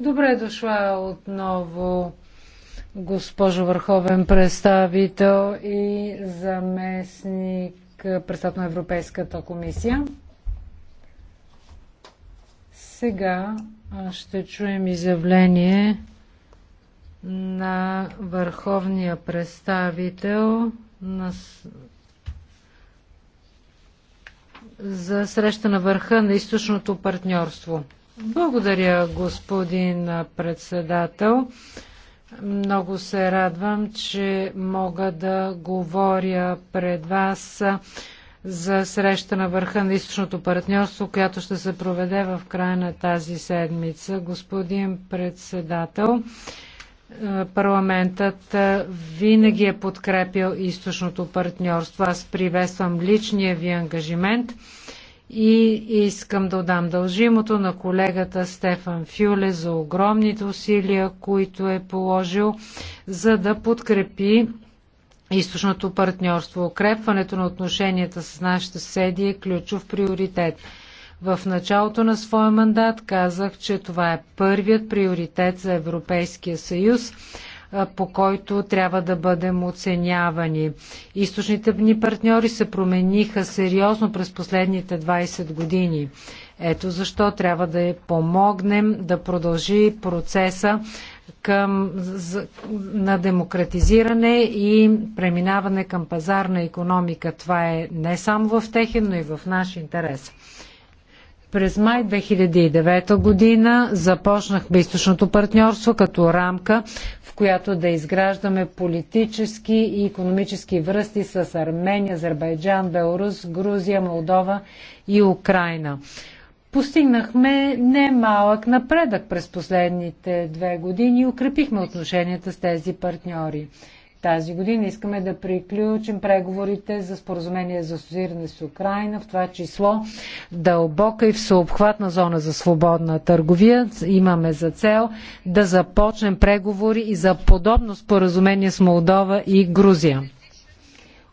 Добре дошла отново, госпожо Върховен представител и заместник представител на Европейската комисия. Сега ще чуем изявление на върховния представител на за среща на върха на източното партньорство. Благодаря, господин председател. Много се радвам, че мога да говоря пред вас за среща на върха на източното партньорство, която ще се проведе в края на тази седмица. Господин председател, парламентът винаги е подкрепил източното партньорство. Аз приветствам личния ви ангажимент и искам да отдам дължимото на колегата Стефан Фюле за огромните усилия, които е положил, за да подкрепи източното партньорство. Укрепването на отношенията с нашите съседи е ключов приоритет. В началото на своя мандат казах, че това е първият приоритет за Европейския съюз по който трябва да бъдем оценявани. Източните ни партньори се промениха сериозно през последните 20 години. Ето защо трябва да я е помогнем да продължи процеса към, на демократизиране и преминаване към пазарна економика. Това е не само в техен, но и в наш интерес. През май 2009 година започнахме източното партньорство като рамка, в която да изграждаме политически и економически връзки с Армения, Азербайджан, Беларус, Грузия, Молдова и Украина. Постигнахме немалък напредък през последните две години и укрепихме отношенията с тези партньори тази година. Искаме да приключим преговорите за споразумение за асоцииране с Украина, в това число дълбока и всеобхватна зона за свободна търговия. Имаме за цел да започнем преговори и за подобно споразумение с Молдова и Грузия.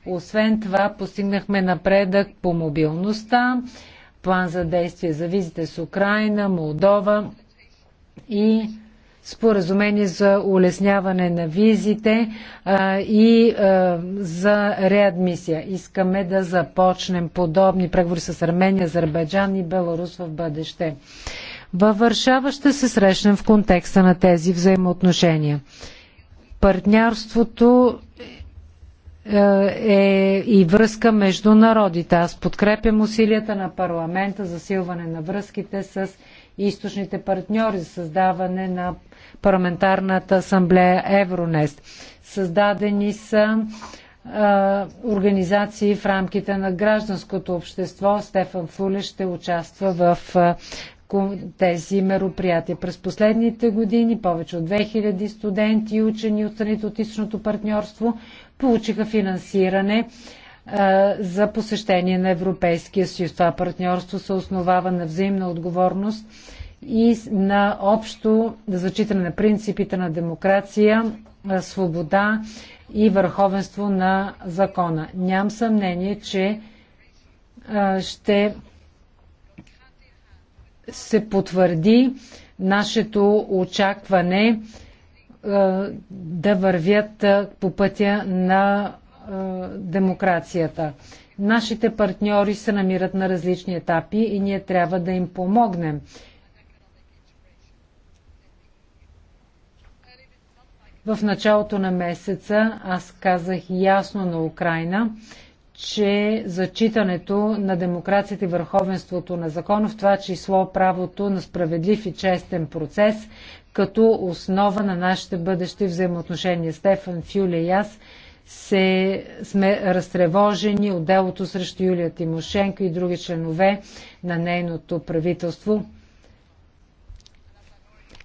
Освен това, постигнахме напредък по мобилността, план за действие за визите с Украина, Молдова и споразумение за улесняване на визите а, и а, за реадмисия. Искаме да започнем подобни преговори с Армения, Азербайджан и Беларус в бъдеще. Във Варшава ще се срещнем в контекста на тези взаимоотношения. Партньорството е, е и връзка между народите. Аз подкрепям усилията на парламента за силване на връзките с източните партньори за създаване на парламентарната асамблея Евронест. Създадени са организации в рамките на гражданското общество. Стефан Фуле ще участва в тези мероприятия. През последните години повече от 2000 студенти и учени от страните от източното партньорство получиха финансиране за посещение на Европейския съюз. Това партньорство се основава на взаимна отговорност и на общо зачитане на принципите на демокрация, свобода и върховенство на закона. Нямам съмнение, че ще се потвърди нашето очакване да вървят по пътя на демокрацията. Нашите партньори се намират на различни етапи и ние трябва да им помогнем. В началото на месеца аз казах ясно на Украина, че зачитането на демокрацията и върховенството на закона, в това число правото на справедлив и честен процес, като основа на нашите бъдещи взаимоотношения. Стефан Фюле и аз се сме разтревожени от делото срещу Юлия Тимошенко и други членове на нейното правителство.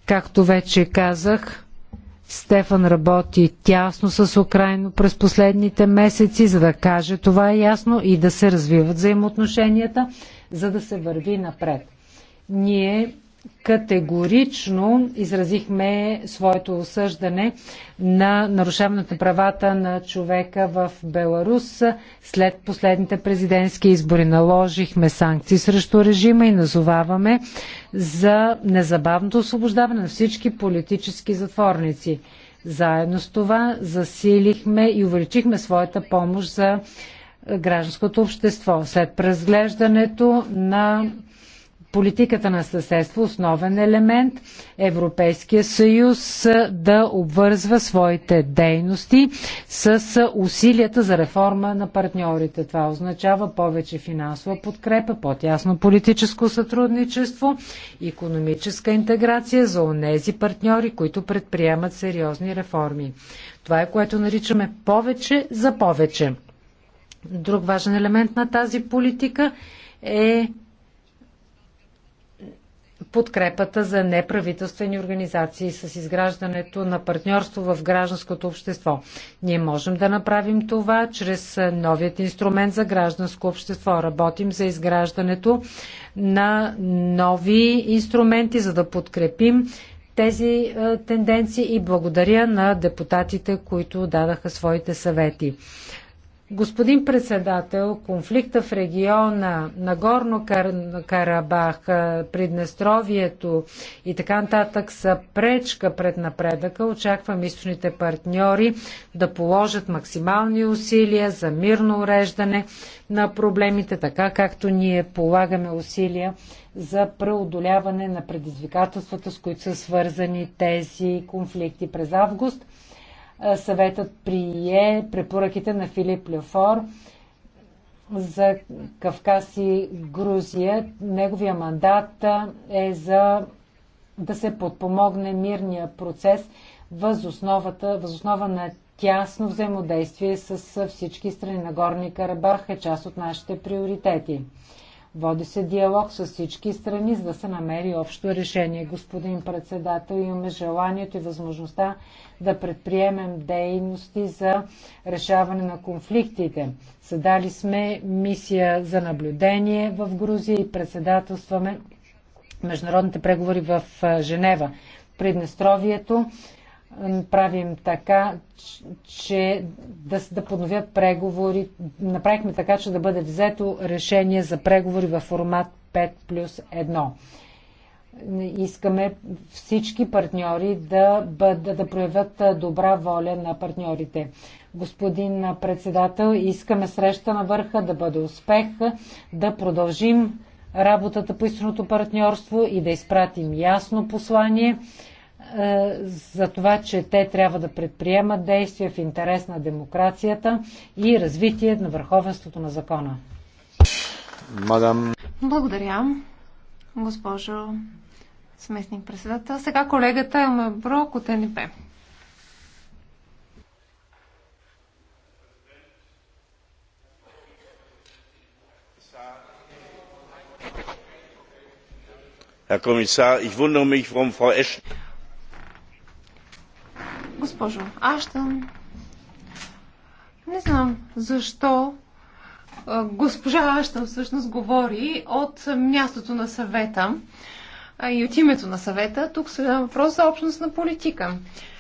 Както вече казах, Стефан работи тясно с Украина през последните месеци, за да каже това е ясно и да се развиват взаимоотношенията, за да се върви напред. Ние категорично изразихме своето осъждане на нарушаването на правата на човека в Беларус след последните президентски избори. Наложихме санкции срещу режима и назоваваме за незабавното освобождаване на всички политически затворници. Заедно с това засилихме и увеличихме своята помощ за гражданското общество. След преразглеждането на политиката на съседство основен елемент Европейския съюз да обвързва своите дейности с усилията за реформа на партньорите. Това означава повече финансова подкрепа, по-тясно политическо сътрудничество, економическа интеграция за онези партньори, които предприемат сериозни реформи. Това е което наричаме повече за повече. Друг важен елемент на тази политика е подкрепата за неправителствени организации с изграждането на партньорство в гражданското общество. Ние можем да направим това чрез новият инструмент за гражданско общество. Работим за изграждането на нови инструменти, за да подкрепим тези е, тенденции и благодаря на депутатите, които дадаха своите съвети. Господин председател, конфликта в региона на Горно Карабах, Приднестровието и така нататък са пречка пред напредъка. Очаквам източните партньори да положат максимални усилия за мирно уреждане на проблемите, така както ние полагаме усилия за преодоляване на предизвикателствата, с които са свързани тези конфликти. През август Съветът прие препоръките на Филип Лефор за Кавказ и Грузия. Неговия мандат е за да се подпомогне мирния процес въз основа на тясно взаимодействие с всички страни на Горни Карабах е част от нашите приоритети. Води се диалог с всички страни, за да се намери общо решение. Господин председател, имаме желанието и възможността да предприемем дейности за решаване на конфликтите. Съдали сме мисия за наблюдение в Грузия и председателстваме международните преговори в Женева. Приднестровието правим така, че да, да подновят преговори. Направихме така, че да бъде взето решение за преговори във формат 5 плюс 1. Искаме всички партньори да, да, да проявят добра воля на партньорите. Господин председател, искаме среща на върха да бъде успех, да продължим работата по истинното партньорство и да изпратим ясно послание е, за това, че те трябва да предприемат действия в интерес на демокрацията и развитие на върховенството на закона. Мадам. Благодаря, госпожо сместник председател. Сега колегата е Брок от НП. Herr Kommissar, ich wundere mich, warum Frau Ashton. Госпожо ще... не знам защо госпожа Аштън всъщност говори от мястото на съвета и от името на съвета. Тук се въпрос за общност на политика.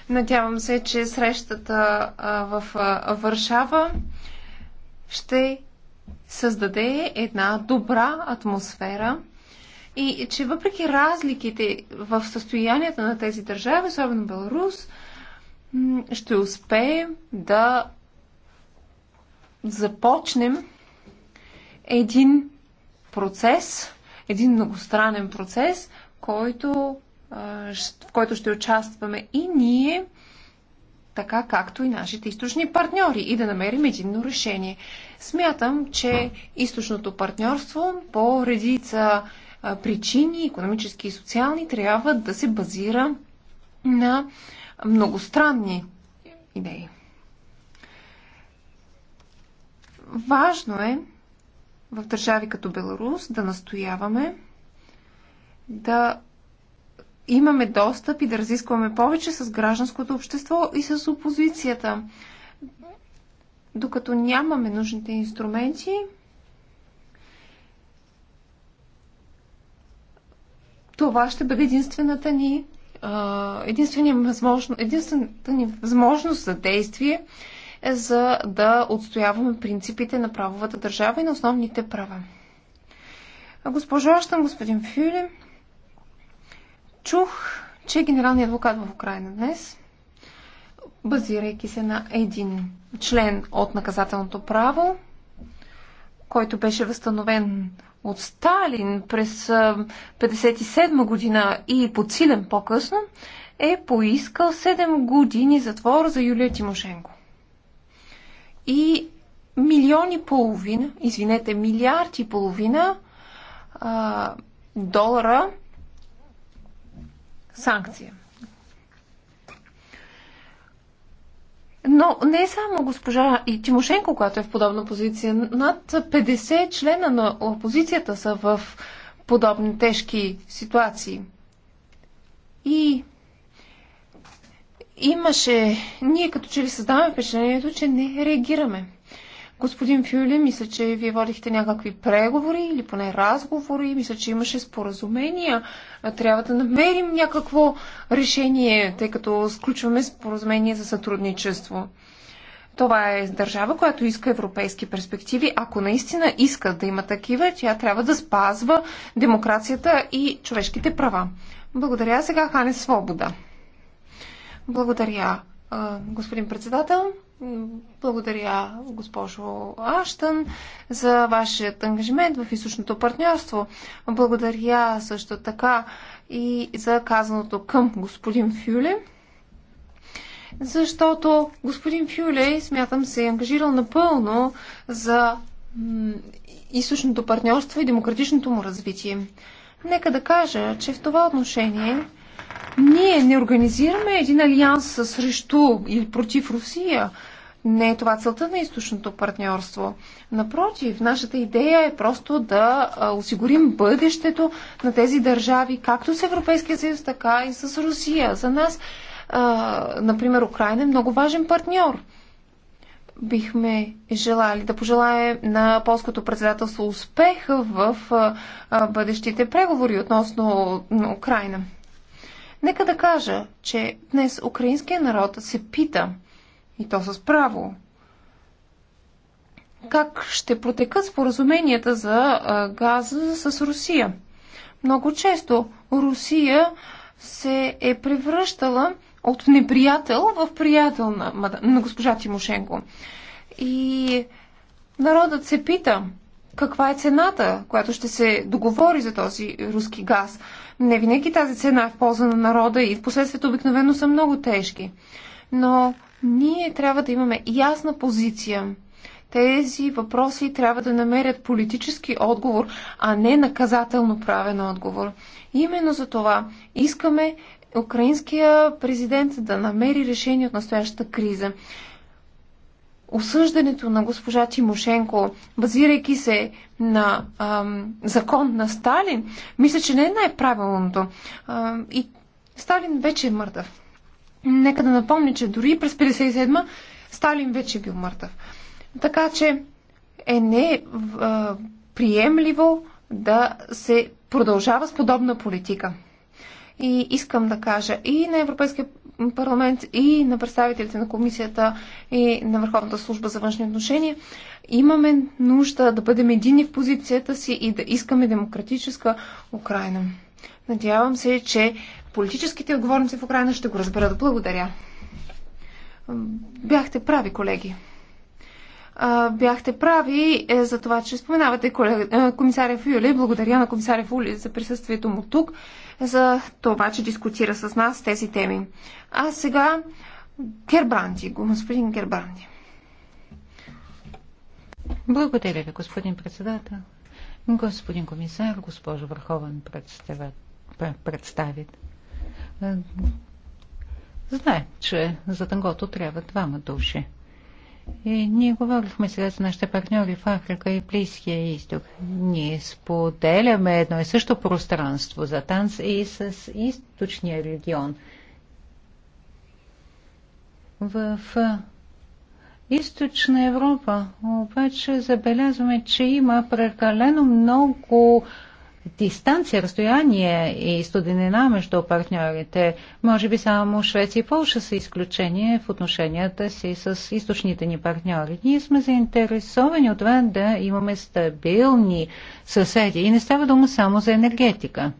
Надявам се, че срещата в Варшава ще създаде една добра атмосфера и че въпреки разликите в състоянието на тези държави, особено Беларус, ще успеем да започнем един процес, един многостранен процес, който, в който ще участваме и ние, така както и нашите източни партньори и да намерим единно решение. Смятам, че източното партньорство по редица причини, економически и социални, трябва да се базира на многостранни идеи. Важно е в държави като Беларус да настояваме да имаме достъп и да разискваме повече с гражданското общество и с опозицията. Докато нямаме нужните инструменти, това ще бъде единствената ни единствена възможно, единствената ни възможност за действие е за да отстояваме принципите на правовата държава и на основните права. Госпожо Аштан, господин Фюли, чух, че генералният адвокат в Украина днес, базирайки се на един член от наказателното право, който беше възстановен от Сталин през 1957 година и подсилен по-късно, е поискал 7 години затвор за Юлия Тимошенко. И милиони половина, извинете, милиарди и половина а, долара санкция. Но не е само госпожа и Тимошенко, която е в подобна позиция. Над 50 члена на опозицията са в подобни тежки ситуации. И имаше, ние като че ли създаваме впечатлението, че не реагираме. Господин Фюле, мисля, че вие водихте някакви преговори или поне разговори. Мисля, че имаше споразумения. Трябва да намерим някакво решение, тъй като сключваме споразумение за сътрудничество. Това е държава, която иска европейски перспективи. Ако наистина иска да има такива, тя трябва да спазва демокрацията и човешките права. Благодаря сега Хане Свобода. Благодаря, господин председател. Благодаря, госпожо Аштън, за вашият ангажимент в източното партньорство. Благодаря също така и за казаното към господин Фюле, защото господин Фюле, смятам, се е ангажирал напълно за източното партньорство и демократичното му развитие. Нека да кажа, че в това отношение ние не организираме един алианс срещу или против Русия. Не е това целта на източното партньорство. Напротив, нашата идея е просто да осигурим бъдещето на тези държави, както с Европейския съюз, така и с Русия. За нас, например, Украина е много важен партньор бихме желали да пожелаем на полското председателство успех в бъдещите преговори относно Украина. Нека да кажа, че днес украинския народ се пита, и то с право, как ще протекат споразуменията за газ с Русия. Много често Русия се е превръщала от неприятел в приятел на, на госпожа Тимошенко. И народът се пита каква е цената, която ще се договори за този руски газ. Не винаги тази цена е в полза на народа и последствията обикновено са много тежки. Но ние трябва да имаме ясна позиция. Тези въпроси трябва да намерят политически отговор, а не наказателно правен отговор. Именно за това искаме украинския президент да намери решение от настоящата криза осъждането на госпожа Тимошенко, базирайки се на ам, закон на Сталин, мисля, че не е най-правилното. и Сталин вече е мъртъв. Нека да напомня, че дори през 57-ма Сталин вече е бил мъртъв. Така че е не приемливо да се продължава с подобна политика. И искам да кажа и на Европейския парламент и на представителите на комисията и на Върховната служба за външни отношения. Имаме нужда да бъдем едини в позицията си и да искаме демократическа Украина. Надявам се, че политическите отговорници в Украина ще го разберат. Благодаря. Бяхте прави, колеги бяхте прави е, за това, че споменавате е, комисаря Фюли. Благодаря на комисаря Фюли за присъствието му тук, за това, че дискутира с нас тези теми. А сега Гербранди, господин Гербранди. Благодаря ви, господин председател, господин комисар, госпожо Върховен представит. Е, знае, че за тангото трябва двама души. И ние говорихме сега с нашите партньори в Африка и Близкия изток. Ние споделяме едно и също пространство за танц и с източния регион. В източна Европа обаче забелязваме, че има прекалено много дистанция, разстояние и студенина между партньорите. Може би само Швеция и Полша са изключение в отношенията си с източните ни партньори. Ние сме заинтересовани от това да имаме стабилни съседи и не става дума само за енергетика.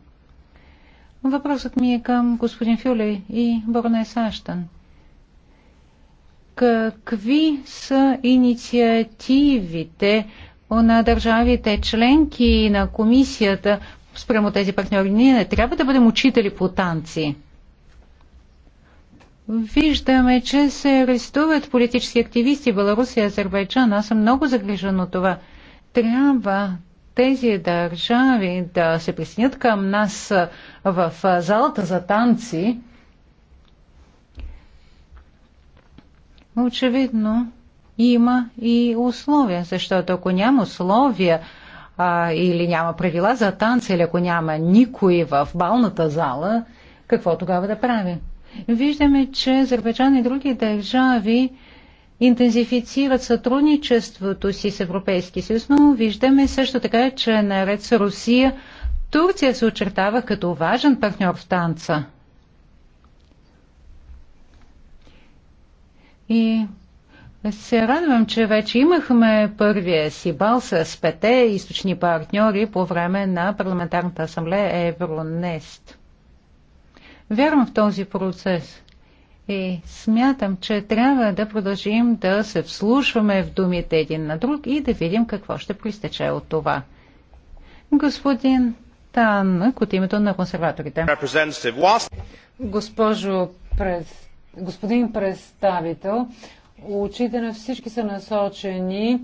Въпросът ми е към господин Фюле и Борне Сащан: Какви са инициативите, на държавите членки на комисията спрямо тези партньори. Ние не трябва да бъдем учители по танци. Виждаме, че се арестуват политически активисти в Беларусия и Азербайджан. Аз съм много загрижен от това. Трябва тези държави да се присъединят към нас в залата за танци. Очевидно, има и условия, защото ако няма условия а, или няма правила за танца, или ако няма никой в балната зала, какво тогава да прави? Виждаме, че Азербайджан и други държави интензифицират сътрудничеството си с Европейски съюз, но виждаме също така, че наред с Русия Турция се очертава като важен партньор в танца. И се радвам, че вече имахме първия си бал с пете източни партньори по време на Парламентарната асамблея Евронест. Вярвам в този процес и смятам, че трябва да продължим да се вслушваме в думите един на друг и да видим какво ще проистече от това. Господин Танък от името на консерваторите. Госпожо през... Господин представител, очите на всички са насочени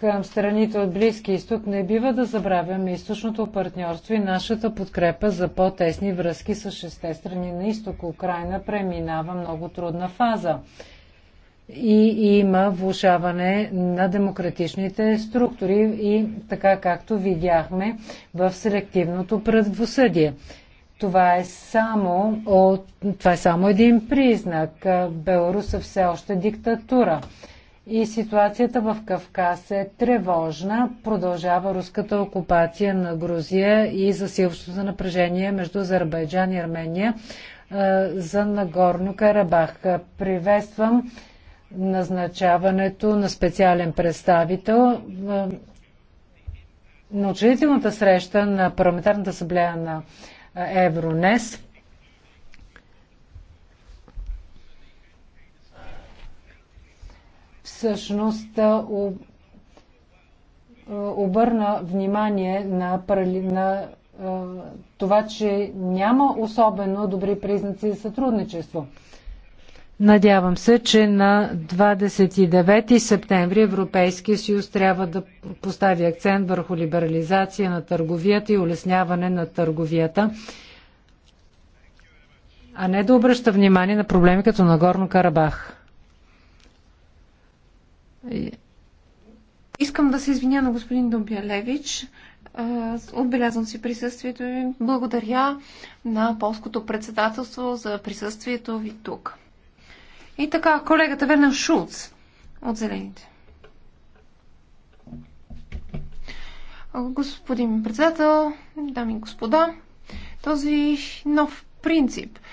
към страните от Близки изток, не бива да забравяме източното партньорство и нашата подкрепа за по-тесни връзки с шесте страни на изток. Украина преминава много трудна фаза и има влушаване на демократичните структури и така както видяхме в селективното правосъдие. Това е само, от, това е само един признак. Беларус е все още диктатура. И ситуацията в Кавказ е тревожна. Продължава руската окупация на Грузия и засилващото за напрежение между Азербайджан и Армения за Нагорно Карабах. Приветствам назначаването на специален представител. На учредителната среща на Парламентарната асамблея на Евронес. Всъщност обърна внимание на, на това, че няма особено добри признаци за сътрудничество. Надявам се, че на 29 септември Европейския съюз трябва да постави акцент върху либерализация на търговията и улесняване на търговията, а не да обръща внимание на проблеми като Нагорно Карабах. Искам да се извиня на господин Домбялевич. Отбелязвам си присъствието ви. Благодаря на полското председателство за присъствието ви тук. И така, колегата Вернер Шулц от Зелените. Господин председател, дами и господа, този нов принцип –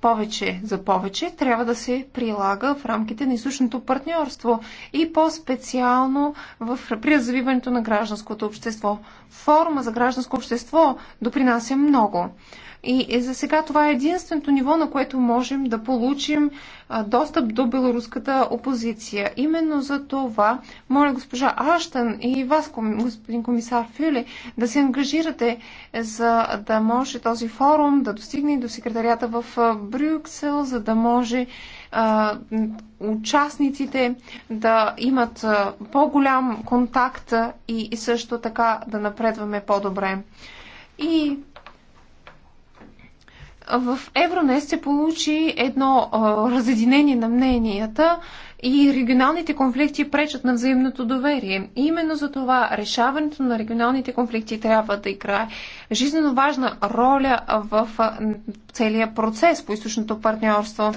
повече за повече трябва да се прилага в рамките на източното партньорство и по-специално в, развиването на гражданското общество. Форма за гражданско общество допринася много. И е, за сега това е единственото ниво, на което можем да получим достъп до белоруската опозиция. Именно за това моля госпожа Аштан и вас, господин комисар Фюле, да се ангажирате, е, за да може този форум да достигне и до секретарията в Брюксел, за да може а, участниците да имат по-голям контакт и, и също така да напредваме по-добре. И в Евронес се получи едно а, разединение на мненията и регионалните конфликти пречат на взаимното доверие. И именно за това решаването на регионалните конфликти трябва да играе жизненно важна роля в целия процес по източното партньорство.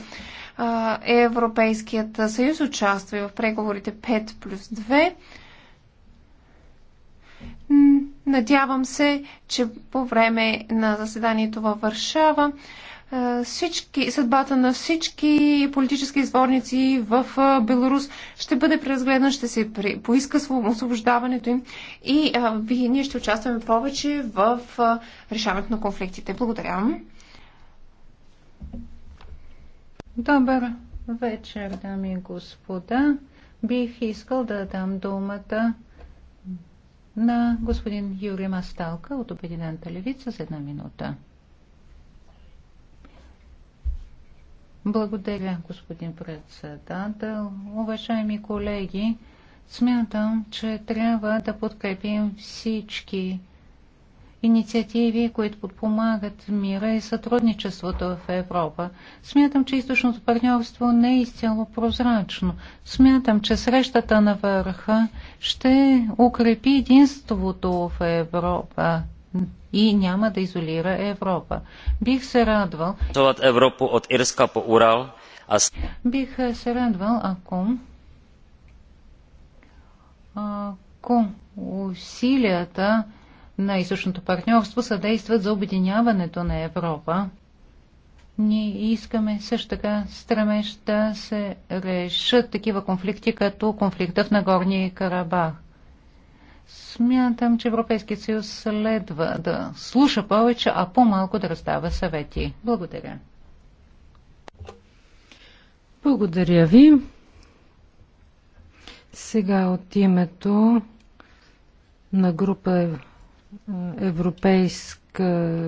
Европейският съюз участва и в преговорите 5 плюс 2. Надявам се, че по време на заседанието във Варшава е, всички, съдбата на всички политически изворници в е, Беларус ще бъде преразгледана, ще се поиска освобождаването им и е, ние ще участваме повече в решаването на конфликтите. Благодаря. Добър вечер, дами и господа. Бих искал да дам думата на господин Юрий Масталка от Обединената левица за една минута. Благодаря, господин председател. Уважаеми колеги, смятам, че трябва да подкрепим всички инициативи, които подпомагат мира и сътрудничеството в Европа. Смятам, че източното партньорство не е изцяло прозрачно. Смятам, че срещата на върха ще укрепи единството в Европа и няма да изолира Европа. Бих се радвал... Европа от Ирска по Урал. Аз... Бих се радвал, ако... Ако усилията на източното партньорство съдействат за обединяването на Европа. Ние искаме също така стремеж да се решат такива конфликти, като конфликта в Нагорни Карабах. Смятам, че Европейският съюз следва да слуша повече, а по-малко да раздава съвети. Благодаря. Благодаря ви. Сега от името на група европейска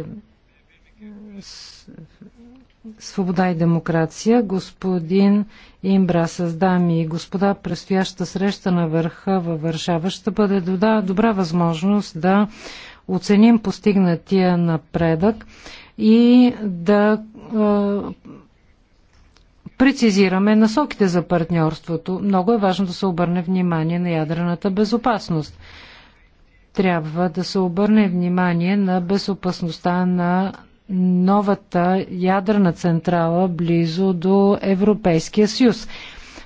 свобода и демокрация, господин Имбра с дами и господа, предстояща среща на върха във Варшава ще бъде добра, добра възможност да оценим постигнатия напредък и да прецизираме насоките за партньорството. Много е важно да се обърне внимание на ядрената безопасност трябва да се обърне внимание на безопасността на новата ядрена централа близо до Европейския съюз.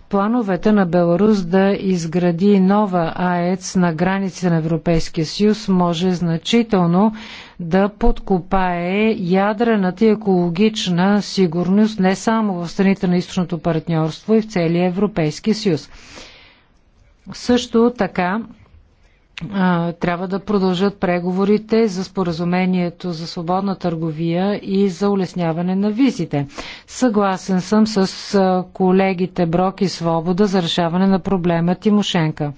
Плановете на Беларус да изгради нова АЕЦ на граница на Европейския съюз може значително да подкопае ядрената и екологична сигурност не само в страните на източното партньорство и в целия Европейски съюз. Също така трябва да продължат преговорите за споразумението за свободна търговия и за улесняване на визите. Съгласен съм с колегите Брок и Свобода за решаване на проблема Тимошенко.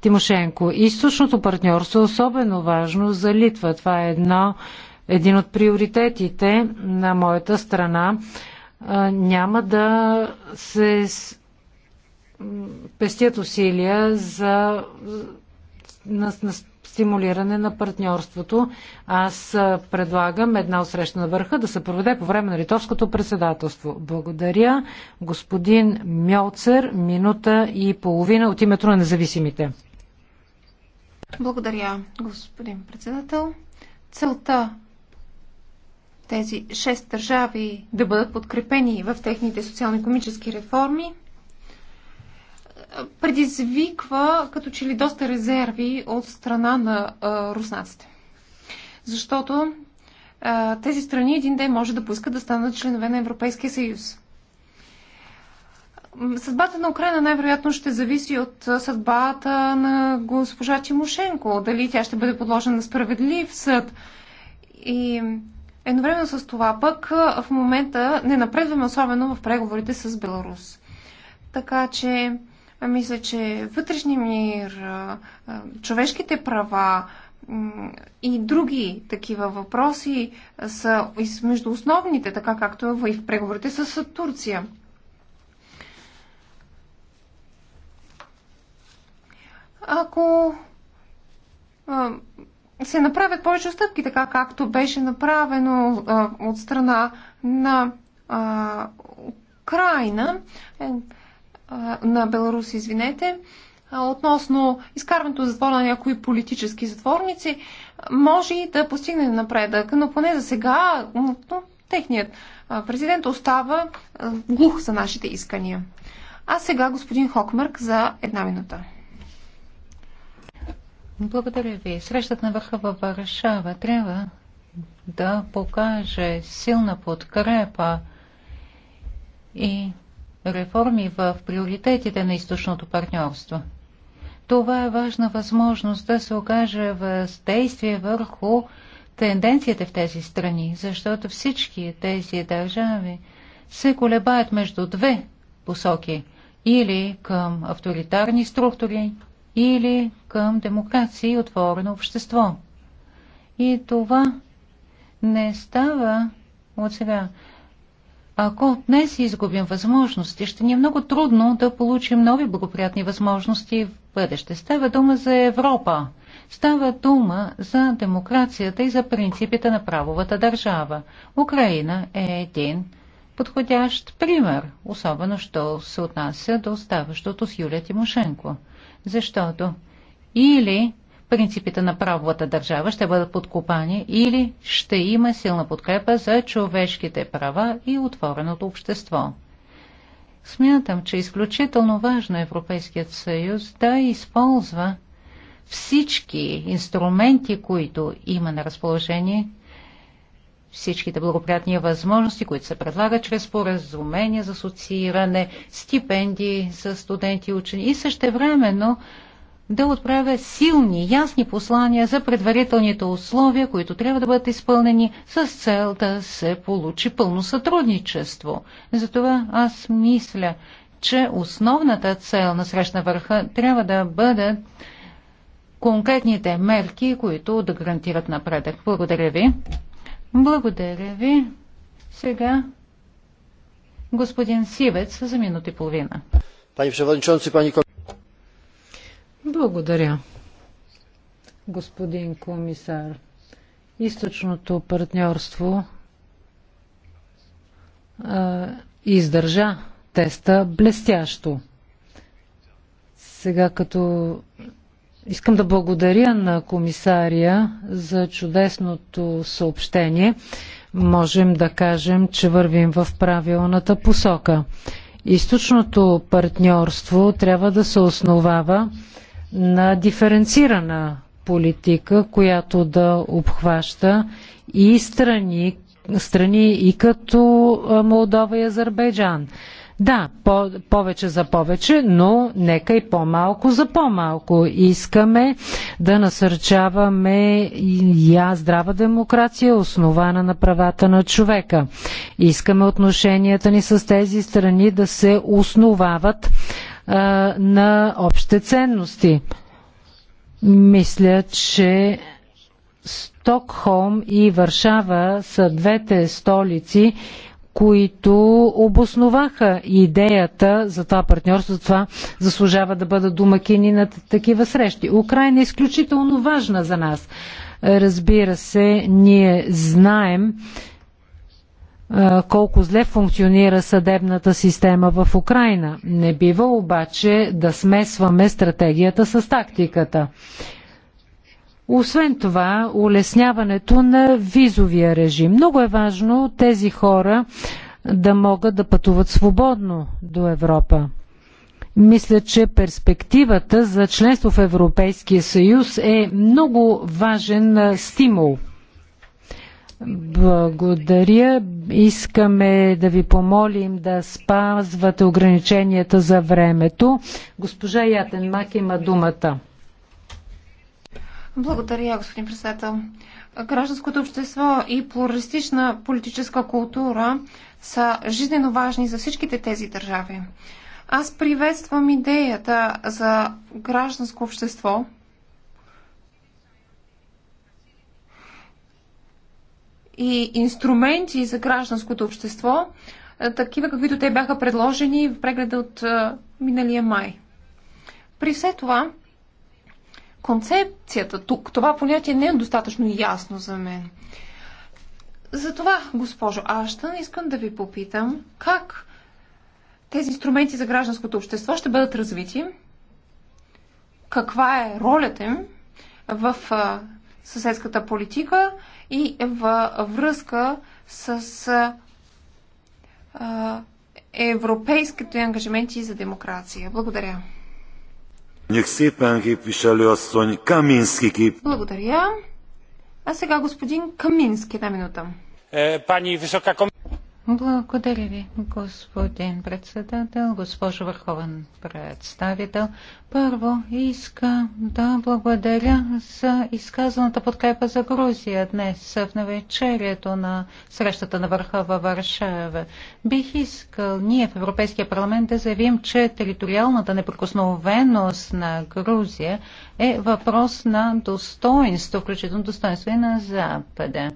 Тимошенко, източното партньорство е особено важно за Литва. Това е едно, един от приоритетите на моята страна. Няма да се пестят усилия за на, на стимулиране на партньорството. Аз предлагам една осреща на върха да се проведе по време на литовското председателство. Благодаря. Господин Мьоцер, минута и половина от името на независимите. Благодаря, господин председател. Целта тези шест държави да бъдат подкрепени в техните социално-економически реформи предизвиква като че ли доста резерви от страна на а, руснаците. Защото а, тези страни един ден може да поискат да станат членове на Европейския съюз. Съдбата на Украина най-вероятно ще зависи от съдбата на госпожа Тимошенко. Дали тя ще бъде подложена на справедлив съд. И едновременно с това пък в момента не напредваме особено в преговорите с Беларус. Така че мисля, че вътрешния мир, човешките права и други такива въпроси са между основните, така както е в преговорите с Турция. Ако се направят повече стъпки, така както беше направено от страна на Украина, е, на Беларус, извинете, относно изкарването затвора на някои политически затворници, може и да постигне напредък, но поне за сега но, техният президент остава глух за нашите искания. А сега господин Хокмърк за една минута. Благодаря ви. Срещат на върха във Варшава трябва да покаже силна подкрепа и реформи в приоритетите на източното партньорство. Това е важна възможност да се окаже въздействие върху тенденциите в тези страни, защото всички тези държави се колебаят между две посоки или към авторитарни структури, или към демокрация и отворено общество. И това не става от сега. Ако днес изгубим възможности, ще ни е много трудно да получим нови благоприятни възможности в бъдеще. Става дума за Европа. Става дума за демокрацията и за принципите на правовата държава. Украина е един подходящ пример, особено що се отнася до ставащото с Юлия Тимошенко. Защото или принципите на правовата държава ще бъдат подкопани или ще има силна подкрепа за човешките права и отвореното общество. Смятам, че изключително важно е Европейският съюз да използва всички инструменти, които има на разположение, всичките благоприятни възможности, които се предлагат чрез поразумение за асоцииране, стипендии за студенти и учени и същевременно времено да отправя силни, ясни послания за предварителните условия, които трябва да бъдат изпълнени с цел да се получи пълно сътрудничество. Затова аз мисля, че основната цел на срещна върха трябва да бъде конкретните мерки, които да гарантират напредък. Благодаря ви. Благодаря ви. Сега господин Сивец за минути и половина. Panie przewodniczący, pani благодаря, господин комисар. Източното партньорство а, издържа теста блестящо. Сега като искам да благодаря на комисария за чудесното съобщение, можем да кажем, че вървим в правилната посока. Източното партньорство трябва да се основава на диференцирана политика, която да обхваща и страни, страни и като Молдова и Азербайджан. Да, по- повече за повече, но нека и по-малко за по-малко. Искаме да насърчаваме я здрава демокрация, основана на правата на човека. Искаме отношенията ни с тези страни да се основават на общите ценности. Мисля, че Стокхолм и Варшава са двете столици, които обосноваха идеята за това партньорство, за това заслужава да бъдат домакини на такива срещи. Украина е изключително важна за нас. Разбира се, ние знаем, колко зле функционира съдебната система в Украина. Не бива обаче да смесваме стратегията с тактиката. Освен това, улесняването на визовия режим. Много е важно тези хора да могат да пътуват свободно до Европа. Мисля, че перспективата за членство в Европейския съюз е много важен стимул. Благодаря. Искаме да ви помолим да спазвате ограниченията за времето. Госпожа Ятенмак има думата. Благодаря, господин председател. Гражданското общество и плуралистична политическа култура са жизненно важни за всичките тези държави. Аз приветствам идеята за гражданско общество, и инструменти за гражданското общество, е, такива каквито те бяха предложени в прегледа от е, миналия май. При все това, концепцията тук, това понятие не е достатъчно ясно за мен. Затова, госпожо Аштън, искам да ви попитам как тези инструменти за гражданското общество ще бъдат развити, каква е ролята им в е, съседската политика и във връзка с а, европейските ангажименти за демокрация. Благодаря. Благодаря. А сега господин Камински, една минута. Е, пани висока благодаря ви, господин председател, госпожо върховен представител. Първо искам да благодаря за изказаната подкрепа за Грузия днес в навечерието на срещата на върха във Варшава. Бих искал ние в Европейския парламент да заявим, че териториалната неприкосновеност на Грузия е въпрос на достоинство, включително достоинство и на Запада.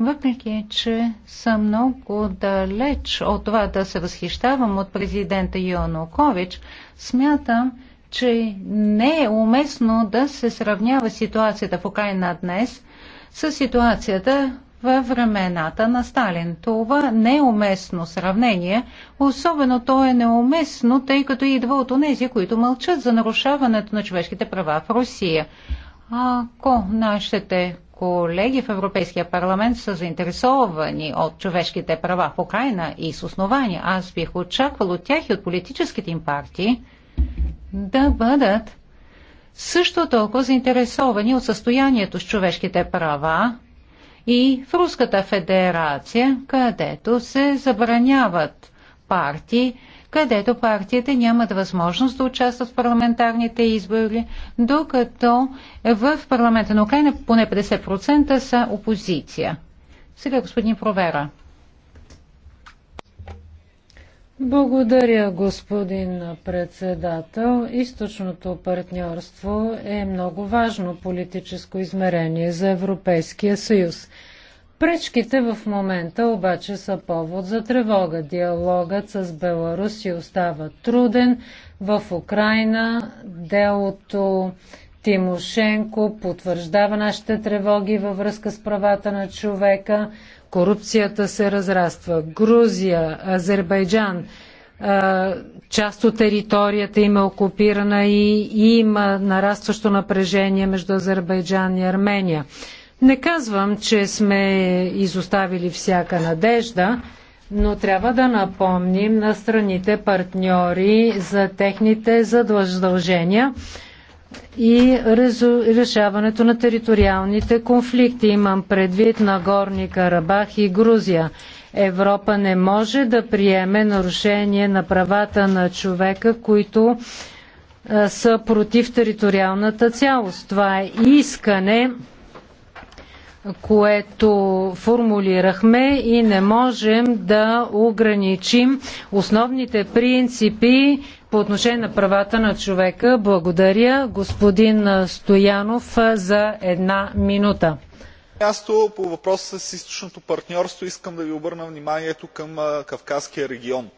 Въпреки, че съм много далеч от това да се възхищавам от президента Йонукович, смятам, че не е уместно да се сравнява ситуацията в Украина днес с ситуацията във времената на Сталин. Това не е уместно сравнение, особено то е неуместно, тъй като идва от онези, които мълчат за нарушаването на човешките права в Русия. Ако нашите колеги в Европейския парламент са заинтересовани от човешките права в Украина и с основания, аз бих очаквал от тях и от политическите им партии да бъдат също толкова заинтересовани от състоянието с човешките права и в Руската федерация, където се забраняват партии, където партиите нямат възможност да участват в парламентарните избори, докато в парламента на Украина поне 50% са опозиция. Сега господин Провера. Благодаря, господин председател. Източното партньорство е много важно политическо измерение за Европейския съюз. Пречките в момента обаче са повод за тревога. Диалогът с Беларуси остава труден. В Украина делото Тимошенко потвърждава нашите тревоги във връзка с правата на човека. Корупцията се разраства. Грузия, Азербайджан, част от територията им е окупирана и има нарастващо напрежение между Азербайджан и Армения. Не казвам, че сме изоставили всяка надежда, но трябва да напомним на страните партньори за техните задължения и решаването на териториалните конфликти. Имам предвид на Горни Карабах и Грузия. Европа не може да приеме нарушение на правата на човека, които са против териториалната цялост. Това е искане което формулирахме и не можем да ограничим основните принципи по отношение на правата на човека. Благодаря господин Стоянов за една минута. Място по въпроса с източното партньорство искам да ви обърна вниманието към Кавказския регион.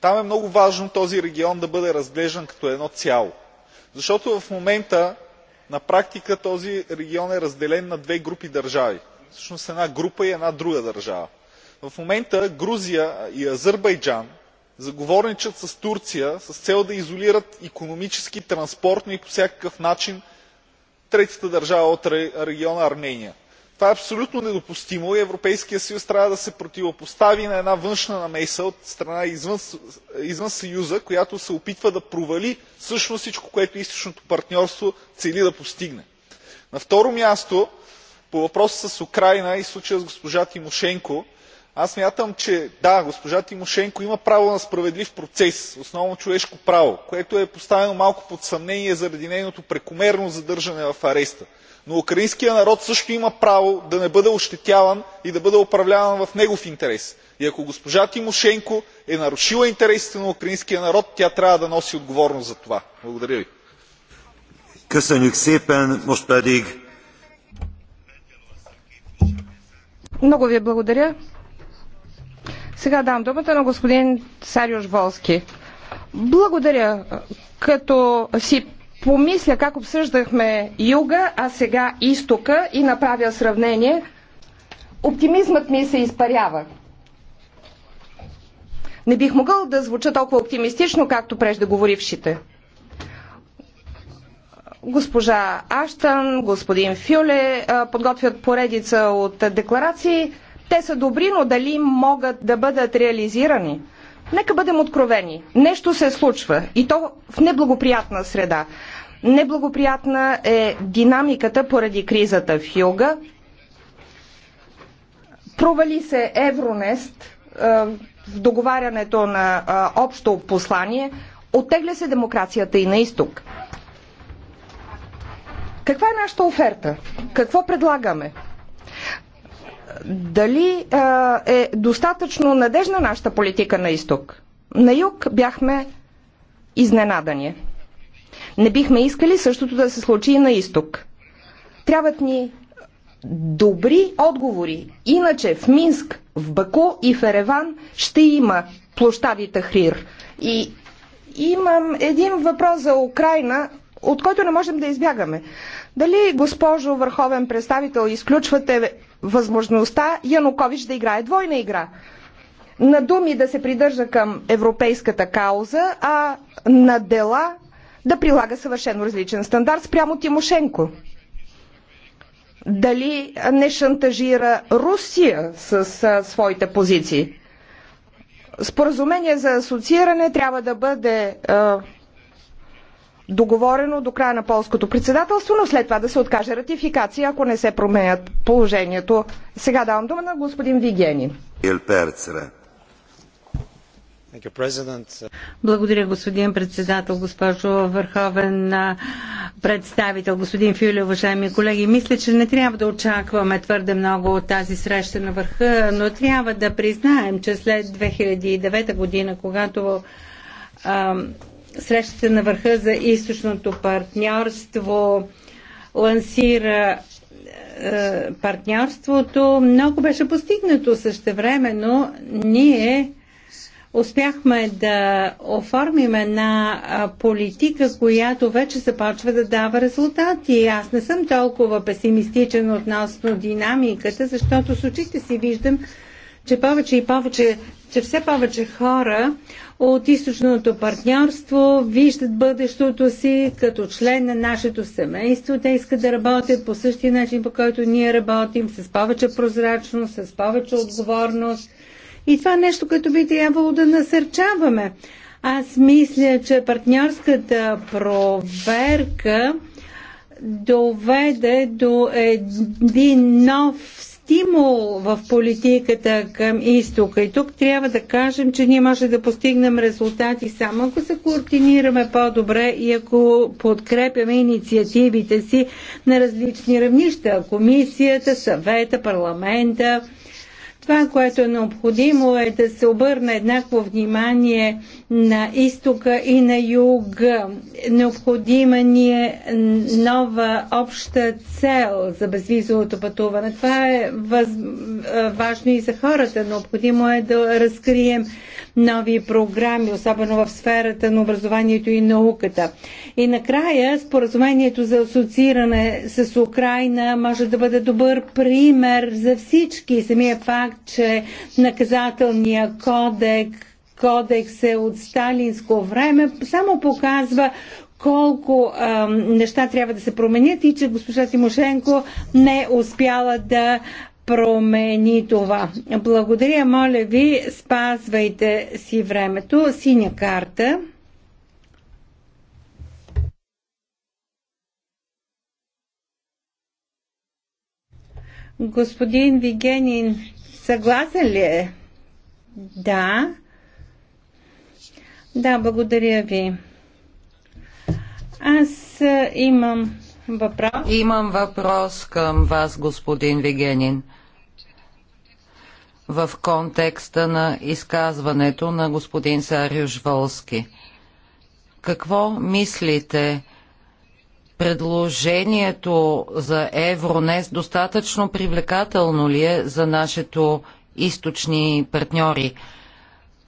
Там е много важно този регион да бъде разглеждан като едно цяло. Защото в момента на практика този регион е разделен на две групи държави всъщност една група и една друга държава. В момента Грузия и Азербайджан заговорничат с Турция с цел да изолират икономически, транспортно и по всякакъв начин третата държава от региона Армения това е абсолютно недопустимо и европейският съюз трябва да се противопостави на една външна намеса от страна извън съюза която се опитва да провали всъщност всичко което източното партньорство цели да постигне. на второ място по въпроса с украйна и случая с госпожа тимошенко аз смятам че да госпожа тимошенко има право на справедлив процес основно човешко право което е поставено малко под съмнение заради нейното прекомерно задържане в ареста но украинският народ също има право да не бъде ощетяван и да бъде управляван в негов интерес и ако госпожа тимошенко е нарушила интересите на украинския народ тя трябва да носи отговорност за това. благодаря ви. Много ви благодаря. Сега дам думата на господин Сариош Волски. Благодаря. Като си помисля как обсъждахме юга, а сега изтока и направя сравнение. Оптимизмът ми се изпарява. Не бих могъл да звуча толкова оптимистично, както преждеговорившите. Госпожа Аштан, господин Фюле подготвят поредица от декларации. Те са добри, но дали могат да бъдат реализирани? Нека бъдем откровени. Нещо се случва и то в неблагоприятна среда. Неблагоприятна е динамиката поради кризата в юга. Провали се Евронест е, в договарянето на е, общо послание. Оттегля се демокрацията и на изток. Каква е нашата оферта? Какво предлагаме? дали а, е достатъчно надежна нашата политика на изток. На юг бяхме изненадани. Не бихме искали същото да се случи и на изток. Трябват ни добри отговори. Иначе в Минск, в Баку и в Ереван ще има площади Тахрир. И имам един въпрос за Украина, от който не можем да избягаме. Дали, госпожо Върховен представител, изключвате възможността Янукович да играе двойна игра. На думи да се придържа към европейската кауза, а на дела да прилага съвършено различен стандарт спрямо Тимошенко. Дали не шантажира Русия с своите позиции? Споразумение за асоцииране трябва да бъде договорено до края на полското председателство, но след това да се откаже ратификация, ако не се променят положението. Сега давам дума на господин Вигенин. Благодаря, господин председател, госпожо Върховен представител, господин Фюли, уважаеми колеги. Мисля, че не трябва да очакваме твърде много от тази среща на върха, но трябва да признаем, че след 2009 година, когато срещата на върха за източното партньорство лансира е, партньорството. Много беше постигнато време, но Ние успяхме да оформим една политика, която вече започва да дава резултати. Аз не съм толкова песимистичен относно динамиката, защото с очите си виждам че повече и повече, че все повече хора от източното партньорство виждат бъдещето си като член на нашето семейство. Те искат да работят по същия начин, по който ние работим, с повече прозрачност, с повече отговорност. И това е нещо, което би трябвало да насърчаваме. Аз мисля, че партньорската проверка доведе до един нов стимул в политиката към изтока. И тук трябва да кажем, че ние може да постигнем резултати само ако се координираме по-добре и ако подкрепяме инициативите си на различни равнища. Комисията, съвета, парламента, това, което е необходимо е да се обърне еднакво внимание на изтока и на юга. Необходима ни е нова обща цел за безвизовото пътуване. Това е въз... Е, важно и за хората. Необходимо е да разкрием нови програми, особено в сферата на образованието и науката. И накрая споразумението за асоцииране с Украина може да бъде добър пример за всички. Самия факт, факт, че наказателния кодекс кодекс е от сталинско време, само показва колко а, неща трябва да се променят и че госпожа Тимошенко не успяла да промени това. Благодаря, моля ви, спазвайте си времето. Синя карта. Господин Вигенин, Съгласен ли е? Да. Да, благодаря ви. Аз имам въпрос. Имам въпрос към вас, господин Вигенин. В контекста на изказването на господин Сариуш Волски. Какво мислите? предложението за Евронес достатъчно привлекателно ли е за нашето източни партньори?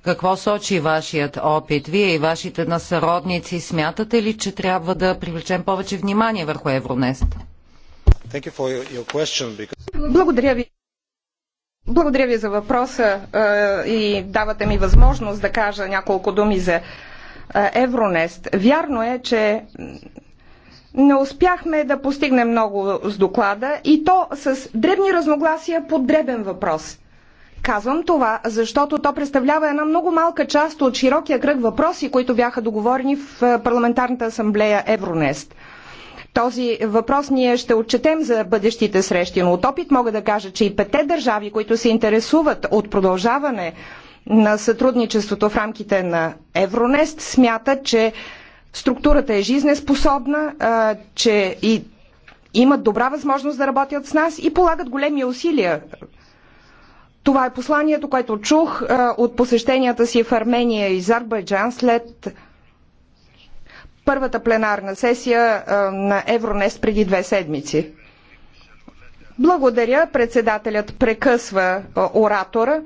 Какво сочи вашият опит? Вие и вашите насъродници смятате ли, че трябва да привлечем повече внимание върху Евронест? Благодаря ви. Благодаря ви за въпроса е, и давате ми възможност да кажа няколко думи за е, Евронест. Вярно е, че не успяхме да постигнем много с доклада и то с дребни разногласия по дребен въпрос. Казвам това, защото то представлява една много малка част от широкия кръг въпроси, които бяха договорени в е, парламентарната асамблея Евронест. Този въпрос ние ще отчетем за бъдещите срещи, но от опит мога да кажа, че и пете държави, които се интересуват от продължаване на сътрудничеството в рамките на Евронест, смятат, че структурата е жизнеспособна, че и имат добра възможност да работят с нас и полагат големи усилия. Това е посланието, което чух от посещенията си в Армения и Азербайджан след първата пленарна сесия на Евронес преди две седмици. Благодаря, председателят прекъсва оратора.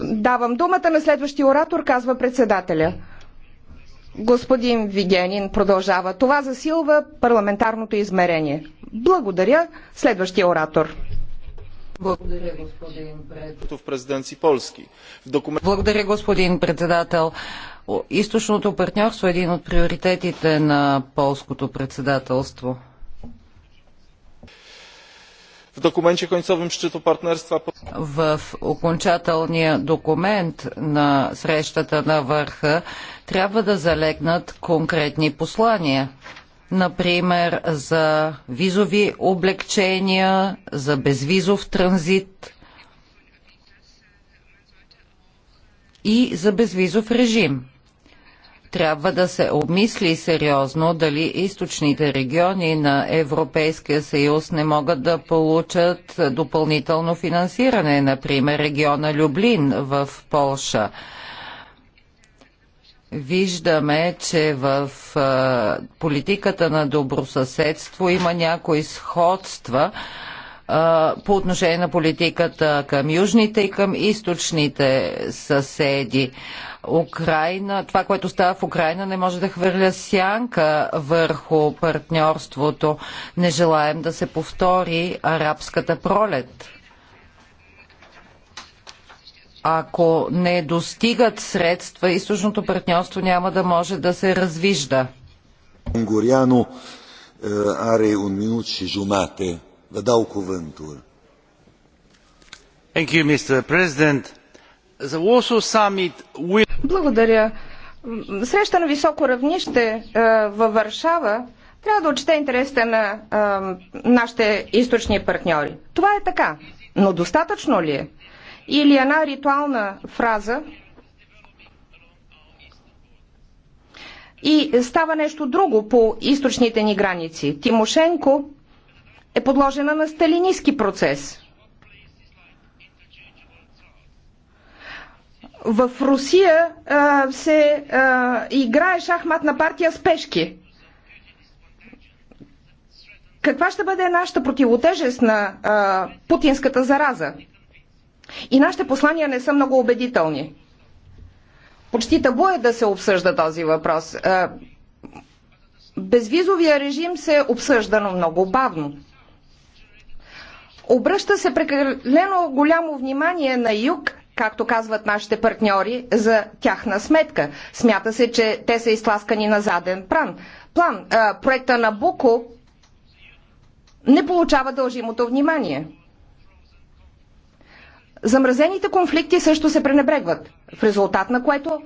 Давам думата на следващия оратор, казва председателя господин Вигенин продължава. Това засилва парламентарното измерение. Благодаря. Следващия оратор. Благодаря, господин председател. Документ... Благодаря, господин председател. Източното партньорство е един от приоритетите на полското председателство. W dokumencie końcowym szczytu partnerstwa... В окончателния документ на срещата на върха трябва да залегнат конкретни послания. Например, за визови облегчения, за безвизов транзит и за безвизов режим. Трябва да се обмисли сериозно дали източните региони на Европейския съюз не могат да получат допълнително финансиране, например региона Люблин в Полша виждаме, че в политиката на добросъседство има някои сходства по отношение на политиката към южните и към източните съседи. Украина, това, което става в Украина, не може да хвърля сянка върху партньорството. Не желаем да се повтори арабската пролет ако не достигат средства, източното партньорство няма да може да се развижда. Унгуряно е, аре un minut și Vă dau cuvântul. Thank you, Mr. President. The Warsaw Summit will... Благодаря. Среща на високо равнище е, във Варшава трябва да отчете интересите на е, нашите източни партньори. Това е така. Но достатъчно ли е? Или една ритуална фраза и става нещо друго по източните ни граници. Тимошенко е подложена на сталинистски процес. В Русия а, се а, играе шахматна партия с пешки. Каква ще бъде нашата противотежест на а, путинската зараза? И нашите послания не са много убедителни. Почти табу е да се обсъжда този въпрос. Безвизовия режим се обсъжда, но много бавно. Обръща се прекалено голямо внимание на юг, както казват нашите партньори, за тяхна сметка. Смята се, че те са изтласкани на заден план. план а, проекта на Буко не получава дължимото внимание. Замразените конфликти също се пренебрегват, в резултат на което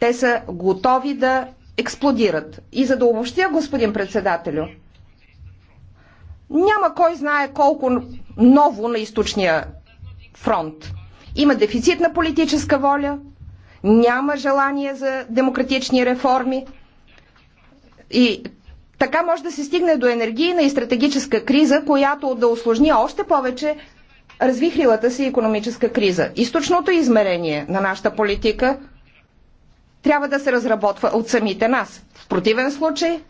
те са готови да експлодират. И за да обобщя, господин председателю, няма кой знае колко ново на източния фронт. Има дефицит на политическа воля, няма желание за демократични реформи и така може да се стигне до енергийна и стратегическа криза, която да осложни още повече развихрилата си економическа криза. Източното измерение на нашата политика трябва да се разработва от самите нас. В противен случай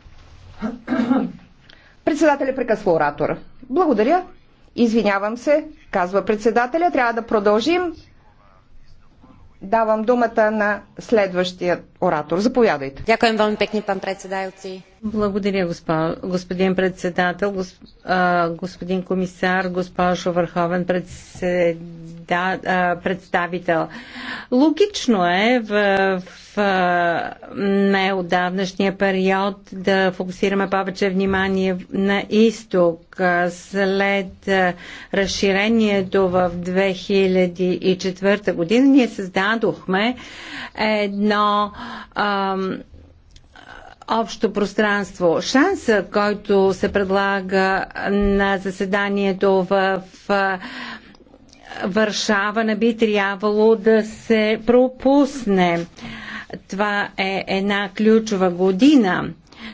Председателя прекъсва оратора. Благодаря. Извинявам се, казва председателя. Трябва да продължим. Давам думата на следващия оратор. Заповядайте. Дякуем вам пекни, пан председателци. Благодаря, господин председател, господин комисар, госпожо Върховен представител. Логично е в, най-отдавнашния период да фокусираме повече внимание на изток след разширението в 2004 година. Ние създадохме едно общо пространство. Шанса, който се предлага на заседанието в Варшава, не би трябвало да се пропусне. Това е една ключова година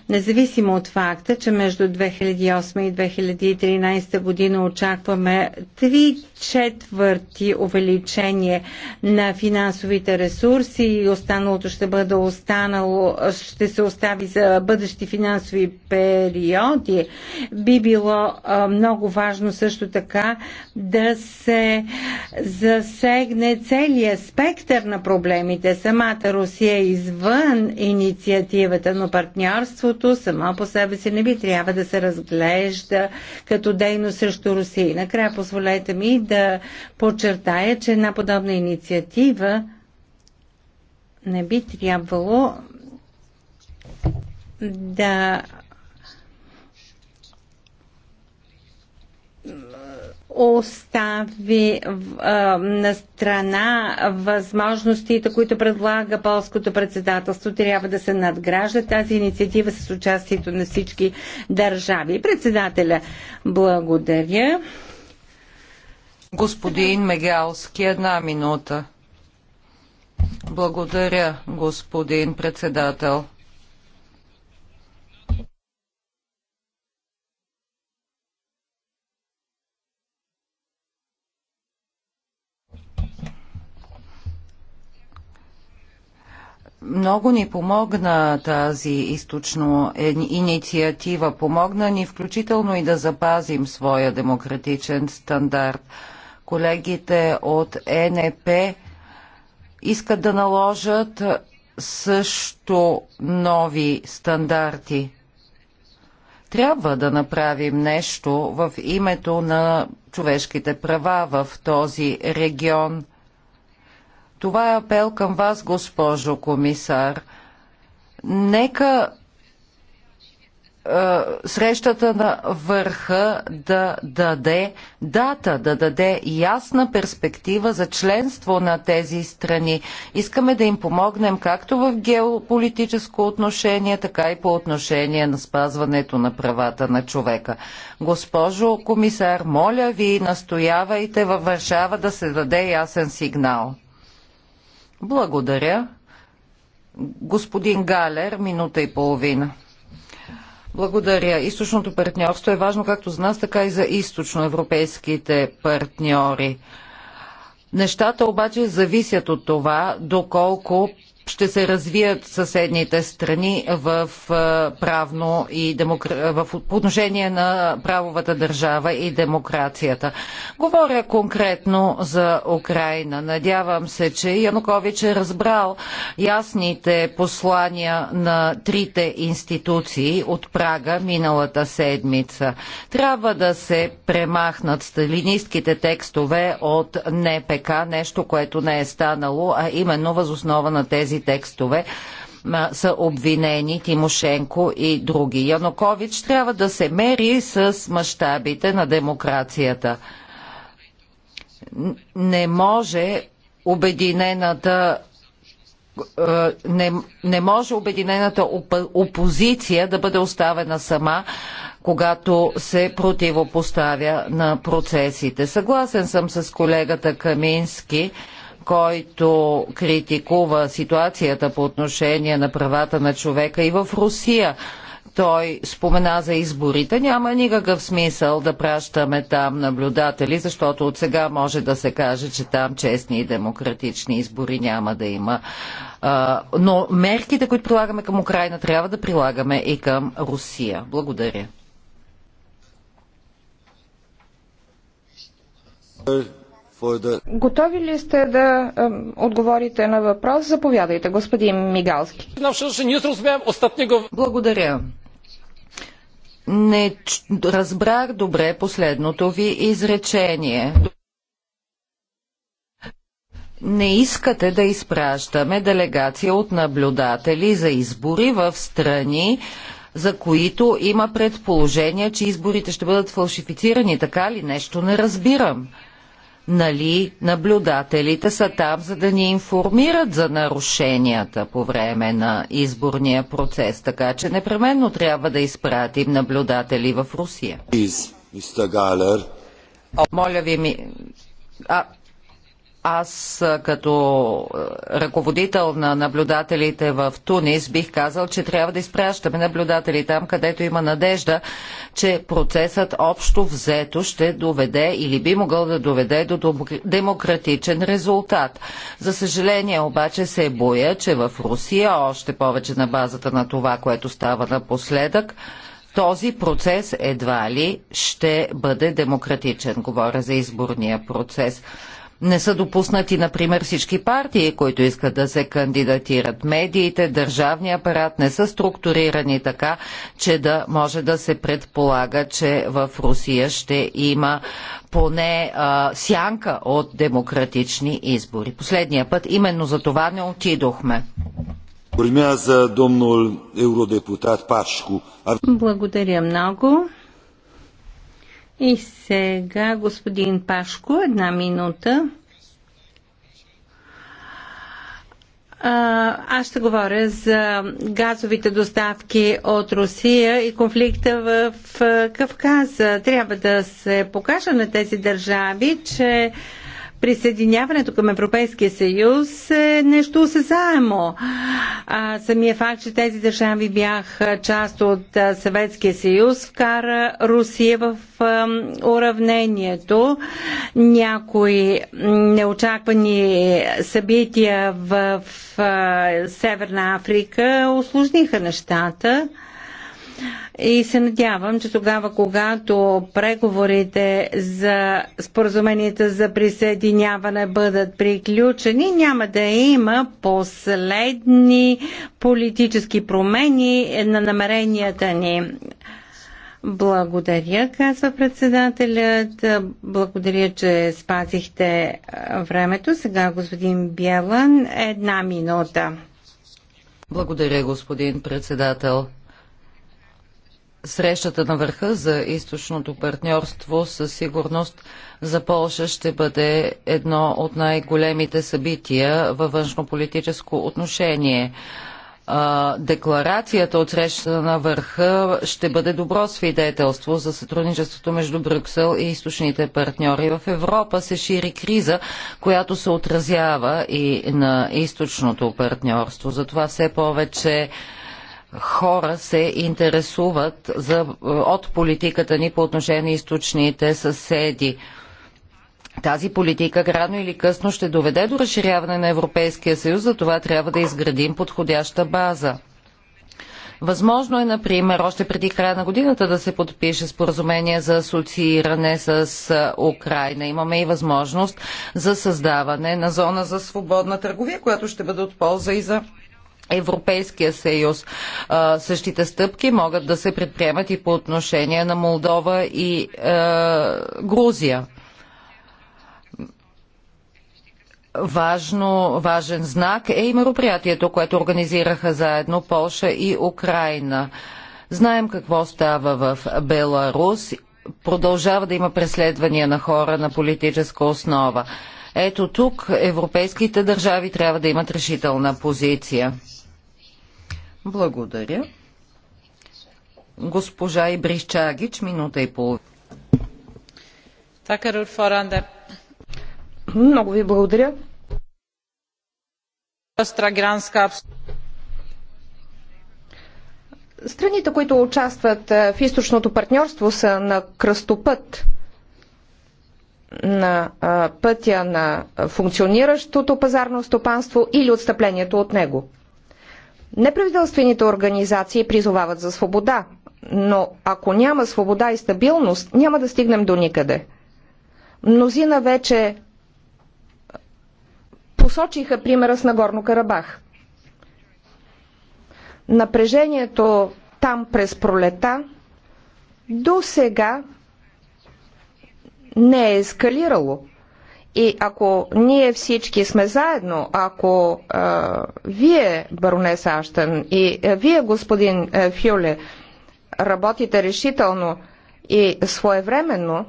Независимо от факта, че между 2008 и 2013 година очакваме 3 четвърти увеличение на финансовите ресурси и останалото ще бъде останало, ще се остави за бъдещи финансови периоди, би било много важно също така да се засегне целият спектър на проблемите. Самата Русия е извън инициативата, но партньорството пиратството само по себе си не би трябва да се разглежда като дейност срещу Русия. И накрая позволете ми да подчертая, че една подобна инициатива не би трябвало да остави а, на страна възможностите, които предлага полското председателство. Трябва да се надгражда тази инициатива с участието на всички държави. Председателя, благодаря. Господин Мегалски, една минута. Благодаря, господин председател. Много ни помогна тази източно инициатива. Помогна ни включително и да запазим своя демократичен стандарт. Колегите от НП искат да наложат също нови стандарти. Трябва да направим нещо в името на човешките права в този регион – това е апел към вас, госпожо комисар. Нека е, срещата на върха да даде дата, да даде ясна перспектива за членство на тези страни. Искаме да им помогнем както в геополитическо отношение, така и по отношение на спазването на правата на човека. Госпожо комисар, моля ви, настоявайте във Варшава да се даде ясен сигнал. Благодаря. Господин Галер, минута и половина. Благодаря. Източното партньорство е важно както за нас, така и за източноевропейските партньори. Нещата обаче зависят от това, доколко ще се развият съседните страни в правно и демокра... в отношение на правовата държава и демокрацията. Говоря конкретно за Украина. Надявам се, че Янукович е разбрал ясните послания на трите институции от Прага миналата седмица. Трябва да се премахнат сталинистките текстове от НПК, нещо, което не е станало, а именно възоснова на тези тези текстове са обвинени Тимошенко и други. Янукович трябва да се мери с мащабите на демокрацията. Не може обединената не, не може обединената опозиция да бъде оставена сама, когато се противопоставя на процесите. Съгласен съм с колегата Камински, който критикува ситуацията по отношение на правата на човека и в Русия. Той спомена за изборите. Няма никакъв смисъл да пращаме там наблюдатели, защото от сега може да се каже, че там честни и демократични избори няма да има. Но мерките, които прилагаме към Украина, трябва да прилагаме и към Русия. Благодаря. Е, Готови ли сте да отговорите на въпрос? Заповядайте, господин Мигалски. Благодаря. Не разбрах добре последното ви изречение. Не искате да изпращаме делегация от наблюдатели за избори в страни, за които има предположение, че изборите ще бъдат фалшифицирани. Така ли? Нещо не разбирам нали наблюдателите са там, за да ни информират за нарушенията по време на изборния процес, така че непременно трябва да изпратим наблюдатели в Русия. Моля ви ми... А, аз като ръководител на наблюдателите в Тунис бих казал, че трябва да изпращаме наблюдатели там, където има надежда, че процесът общо взето ще доведе или би могъл да доведе до демократичен резултат. За съжаление обаче се боя, че в Русия, още повече на базата на това, което става напоследък, този процес едва ли ще бъде демократичен. Говоря за изборния процес. Не са допуснати, например, всички партии, които искат да се кандидатират. Медиите, държавния апарат не са структурирани така, че да може да се предполага, че в Русия ще има поне а, сянка от демократични избори. Последния път именно за това не отидохме. Благодаря много. И сега господин Пашко, една минута. Аз ще говоря за газовите доставки от Русия и конфликта в Кавказа. Трябва да се покажа на тези държави, че присъединяването към Европейския съюз е нещо осезаемо. А, самия факт, че тези държави бяха част от Съветския съюз, вкара Русия в а, уравнението. Някои неочаквани събития в, в а, Северна Африка осложниха нещата. И се надявам, че тогава, когато преговорите за споразуменията за присъединяване бъдат приключени, няма да има последни политически промени на намеренията ни. Благодаря, казва председателят. Благодаря, че спазихте времето. Сега господин Бялан, една минута. Благодаря, господин председател срещата на върха за източното партньорство със сигурност за Полша ще бъде едно от най-големите събития във външнополитическо отношение. Декларацията от срещата на върха ще бъде добро свидетелство за сътрудничеството между Брюксел и източните партньори. В Европа се шири криза, която се отразява и на източното партньорство. Затова все повече хора се интересуват за, от политиката ни по отношение на източните съседи. Тази политика рано или късно ще доведе до разширяване на Европейския съюз, за това трябва да изградим подходяща база. Възможно е, например, още преди края на годината да се подпише споразумение за асоцииране с Украина. Имаме и възможност за създаване на зона за свободна търговия, която ще бъде от полза и за Европейския съюз. същите стъпки могат да се предприемат и по отношение на Молдова и е, Грузия. Важно, важен знак е и мероприятието, което организираха заедно Полша и Украина. Знаем какво става в Беларус. Продължава да има преследвания на хора на политическа основа. Ето тук европейските държави трябва да имат решителна позиция. Благодаря. Госпожа чагич, минута и половина. Много ви благодаря. Страните, които участват в източното партньорство, са на кръстопът – на пътя на функциониращото пазарно стопанство или отстъплението от него. Неправителствените организации призовават за свобода, но ако няма свобода и стабилност, няма да стигнем до никъде. Мнозина вече посочиха примера с Нагорно Карабах. Напрежението там през пролета до сега не е ескалирало. И ако ние всички сме заедно, ако а, вие, баронеса Аштън, и а, вие, господин а, Фюле, работите решително и своевременно,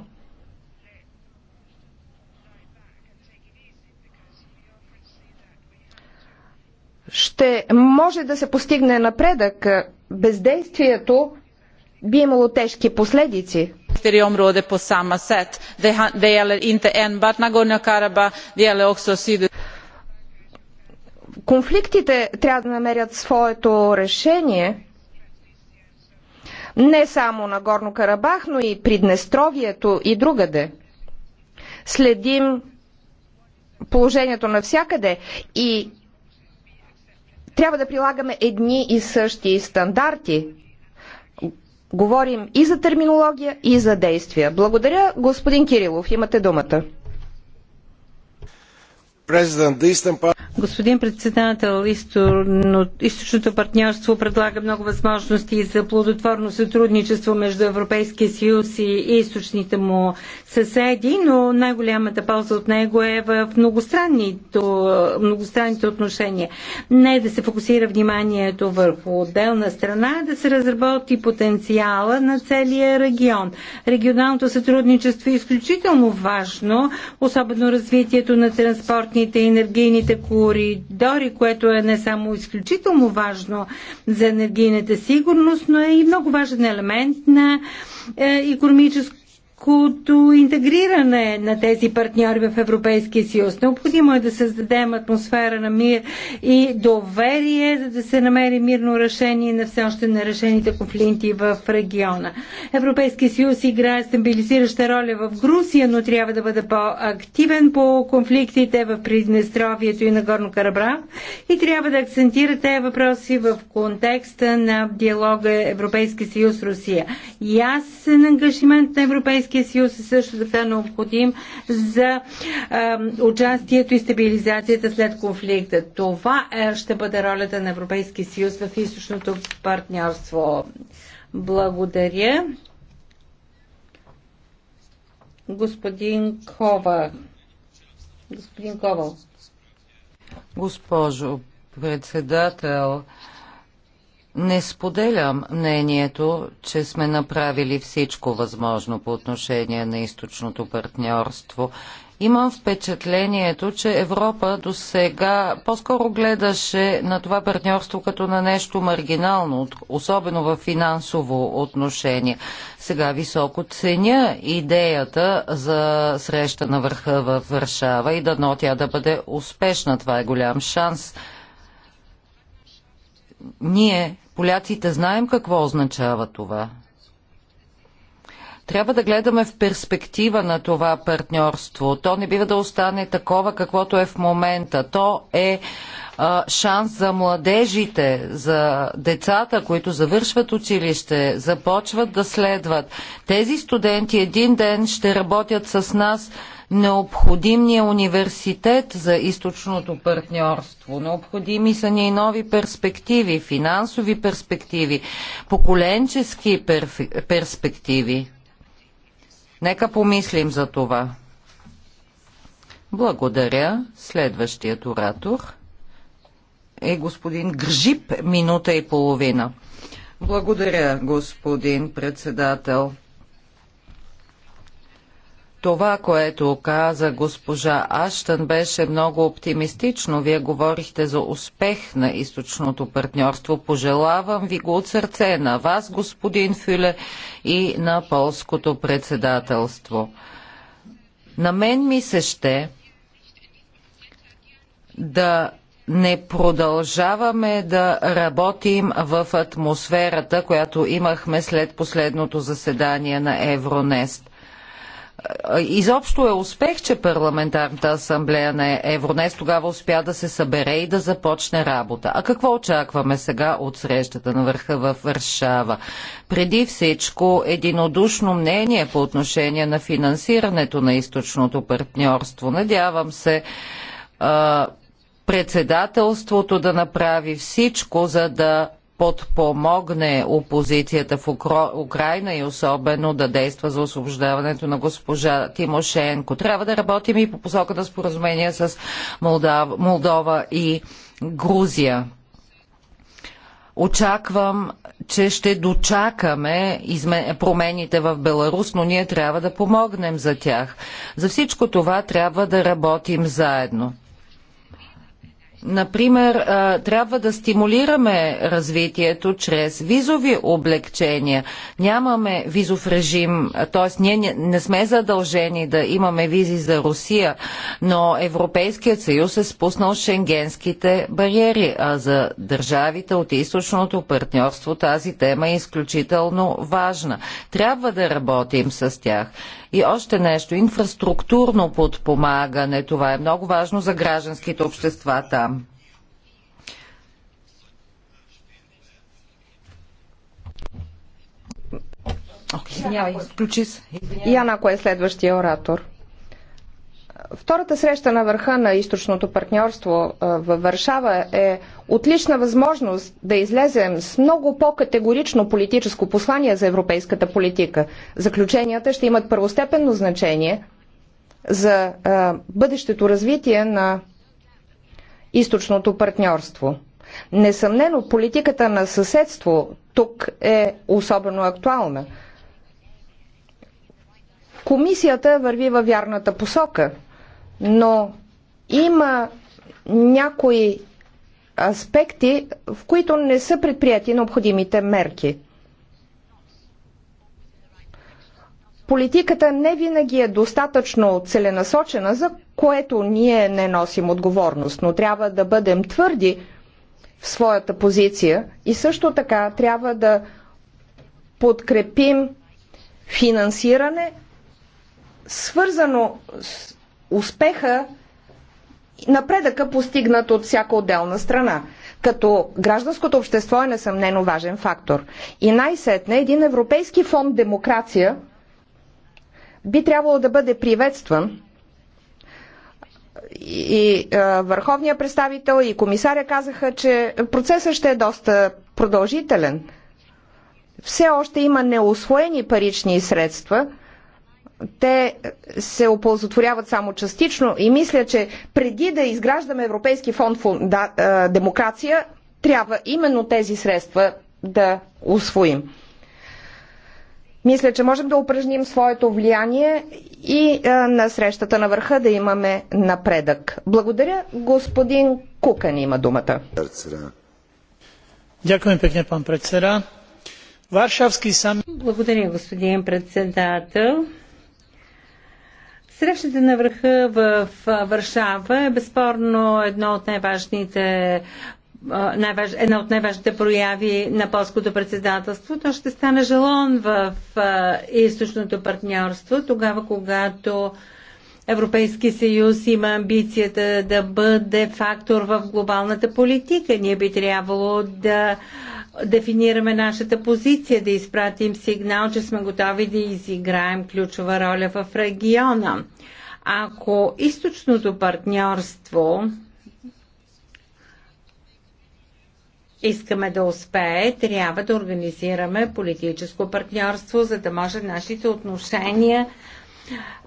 ще може да се постигне напредък. Бездействието би имало тежки последици. Конфликтите трябва да намерят своето решение не само на Горно Карабах, но и Приднестровието и другаде. Следим положението навсякъде и трябва да прилагаме едни и същи стандарти Говорим и за терминология, и за действия. Благодаря, господин Кирилов. Имате думата. Господин председател, източното партньорство предлага много възможности за плодотворно сътрудничество между Европейския съюз и източните му съседи, но най-голямата полза от него е в многостранните отношения. Не да се фокусира вниманието върху отделна страна, а да се разработи потенциала на целия регион. Регионалното сътрудничество е изключително важно, особено развитието на транспортни животните, енергийните коридори, което е не само изключително важно за енергийната сигурност, но е и много важен елемент на економическо като интегриране на тези партньори в Европейския съюз. Необходимо е да създадем атмосфера на мир и доверие, за да се намери мирно решение на все още нерешените конфликти в региона. Европейския съюз играе стабилизираща роля в Грузия, но трябва да бъде по-активен по конфликтите в Приднестровието и Нагорно Карабра и трябва да акцентира тези въпроси в контекста на диалога Европейски съюз-Русия. Ясен ангажимент на Европейския Европейския съюз е също така необходим за участието и стабилизацията след конфликта. Това е, ще бъде ролята на Европейския съюз в източното партньорство. Благодаря. Господин Кова. Господин Ковал. Госпожо председател, не споделям мнението, че сме направили всичко възможно по отношение на източното партньорство. Имам впечатлението, че Европа до сега по-скоро гледаше на това партньорство като на нещо маргинално, особено в финансово отношение. Сега високо ценя идеята за среща на върха в Варшава и дано тя да бъде успешна. Това е голям шанс ние Поляците знаем какво означава това. Трябва да гледаме в перспектива на това партньорство. То не бива да остане такова, каквото е в момента. То е а, шанс за младежите, за децата, които завършват училище, започват да следват. Тези студенти един ден ще работят с нас необходим ни е университет за източното партньорство. Необходими са ни и нови перспективи, финансови перспективи, поколенчески перспективи. Нека помислим за това. Благодаря. Следващият оратор е господин Гржип, минута и половина. Благодаря, господин председател. Това, което каза госпожа Аштън, беше много оптимистично. Вие говорихте за успех на източното партньорство. Пожелавам ви го от сърце на вас, господин Фюле, и на полското председателство. На мен ми се ще да не продължаваме да работим в атмосферата, която имахме след последното заседание на Евронест – Изобщо е успех, че парламентарната асамблея на Евронес тогава успя да се събере и да започне работа. А какво очакваме сега от срещата на върха в Варшава? Преди всичко единодушно мнение по отношение на финансирането на източното партньорство. Надявам се председателството да направи всичко, за да подпомогне опозицията в Украина и особено да действа за освобождаването на госпожа Тимошенко. Трябва да работим и по посока на споразумение с Молдав... Молдова и Грузия. Очаквам, че ще дочакаме промените в Беларус, но ние трябва да помогнем за тях. За всичко това трябва да работим заедно. Например, трябва да стимулираме развитието чрез визови облегчения. Нямаме визов режим, т.е. ние не сме задължени да имаме визи за Русия, но Европейският съюз е спуснал шенгенските бариери, а за държавите от източното партньорство тази тема е изключително важна. Трябва да работим с тях. И още нещо, инфраструктурно подпомагане, това е много важно за гражданските общества там. Извинявай, включи се. Яна, кой е следващия оратор? Втората среща на върха на източното партньорство във Варшава е отлична възможност да излезем с много по-категорично политическо послание за европейската политика. Заключенията ще имат първостепенно значение за бъдещето развитие на източното партньорство. Несъмнено, политиката на съседство тук е особено актуална. Комисията върви във вярната посока – но има някои аспекти, в които не са предприяти необходимите мерки. Политиката не винаги е достатъчно целенасочена, за което ние не носим отговорност, но трябва да бъдем твърди в своята позиция и също така трябва да подкрепим финансиране, свързано с успеха напредъка постигнат от всяка отделна страна като гражданското общество е несъмнено важен фактор. И най-сетне един европейски фонд демокрация би трябвало да бъде приветстван. И е, върховния представител и комисаря казаха, че процесът ще е доста продължителен. Все още има неосвоени парични средства – те се оползотворяват само частично и мисля, че преди да изграждаме Европейски фонд да, а, демокрация, трябва именно тези средства да освоим. Мисля, че можем да упражним своето влияние и а, на срещата на върха да имаме напредък. Благодаря. Господин Кукан има думата. Дякуваме пекне, пан председател. Варшавски сам... Благодаря, господин председател. Срещата на върха в Варшава е безспорно едно от най-важните една от най-важните прояви на полското председателство. То ще стане жалон в източното партньорство, тогава когато Европейски съюз има амбицията да бъде фактор в глобалната политика. Ние би трябвало да дефинираме нашата позиция, да изпратим сигнал, че сме готови да изиграем ключова роля в региона. Ако източното партньорство искаме да успее, трябва да организираме политическо партньорство, за да може нашите отношения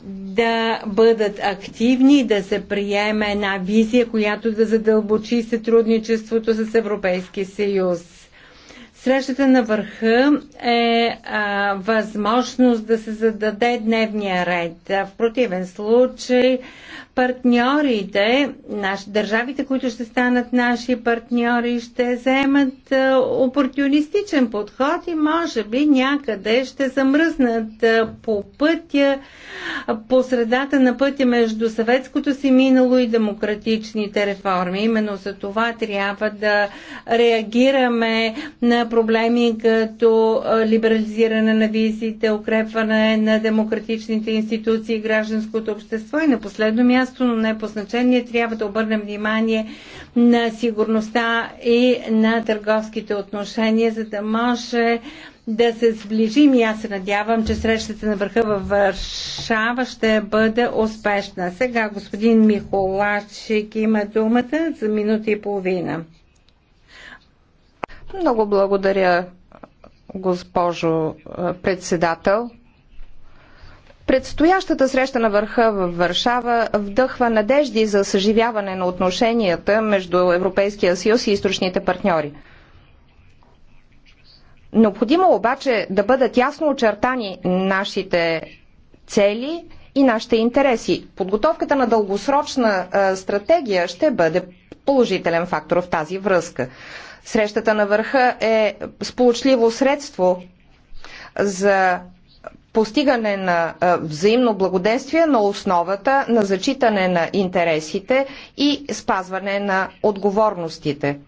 да бъдат активни, да се приеме една визия, която да задълбочи сътрудничеството с Европейския съюз. Срещата на върха е а, възможност да се зададе дневния ред. В противен случай партньорите, наш, държавите, които ще станат наши партньори, ще вземат е, опортунистичен подход и може би някъде ще замръзнат е, по пътя, по средата на пътя между съветското си минало и демократичните реформи. Именно за това трябва да реагираме на проблеми като е, либерализиране на визите, укрепване на демократичните институции, гражданското общество и на последно място място, но не по значение, трябва да обърнем внимание на сигурността и на търговските отношения, за да може да се сближим и аз се надявам, че срещата на върха във Варшава ще бъде успешна. Сега господин Михолачик има думата за минута и половина. Много благодаря, госпожо председател. Предстоящата среща на върха в Варшава вдъхва надежди за съживяване на отношенията между Европейския съюз и източните партньори. Необходимо обаче да бъдат ясно очертани нашите цели и нашите интереси. Подготовката на дългосрочна а, стратегия ще бъде положителен фактор в тази връзка. Срещата на върха е сполучливо средство за постигане на взаимно благоденствие на основата на зачитане на интересите и спазване на отговорностите.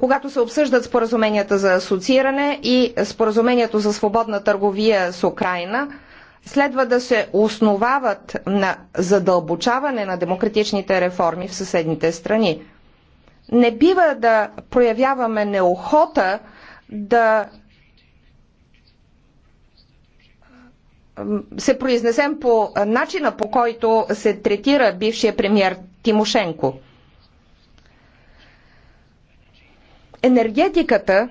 Когато се обсъждат споразуменията за асоцииране и споразумението за свободна търговия с Украина, следва да се основават на задълбочаване на демократичните реформи в съседните страни. Не бива да проявяваме неохота да се произнесем по начина по който се третира бившия премьер Тимошенко. Енергетиката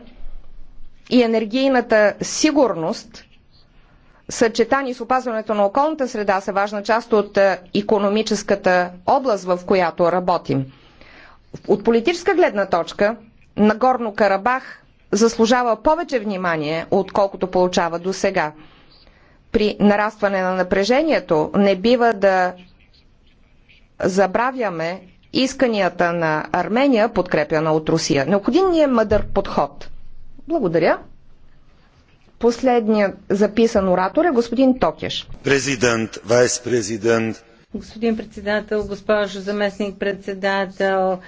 и енергийната сигурност, съчетани с опазването на околната среда, са важна част от економическата област, в която работим. От политическа гледна точка, Нагорно Карабах заслужава повече внимание, отколкото получава до сега при нарастване на напрежението не бива да забравяме исканията на Армения, подкрепяна от Русия. Необходим ни е мъдър подход. Благодаря. Последният записан оратор е господин Токеш. Президент, вайс президент. Господин председател, госпожо заместник председател,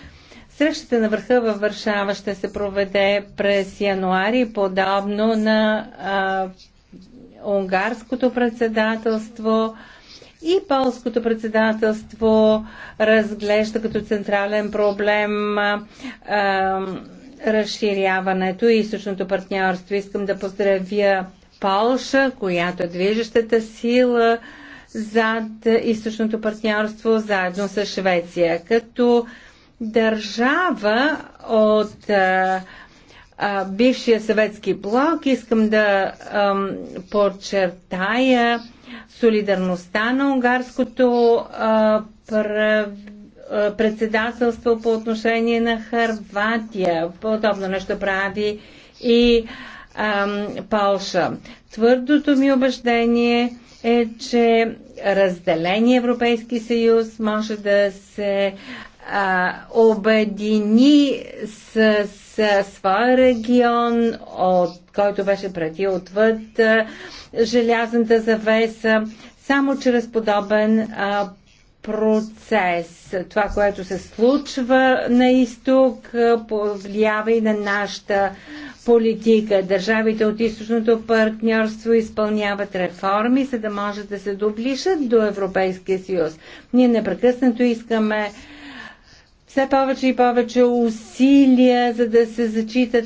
Срещата на върха във Варшава ще се проведе през януари, подобно на а, унгарското председателство и полското председателство разглежда като централен проблем а, разширяването и източното партньорство. Искам да поздравя Полша, която е движещата сила зад източното партньорство заедно с Швеция. Като държава от а, а, бившия съветски блок, искам да ам, подчертая солидарността на унгарското а, прав председателство по отношение на Харватия. Подобно нещо прави и ам, Полша. Твърдото ми убеждение е, че разделение Европейски съюз може да се а, обедини с, с своя регион, от който беше преди отвъд а, желязната завеса, само чрез подобен а, процес. Това, което се случва на изток, повлиява и на нашата политика. Държавите от източното партньорство изпълняват реформи, за да може да се доближат до Европейския съюз. Ние непрекъснато искаме все повече и повече усилия, за да се зачитат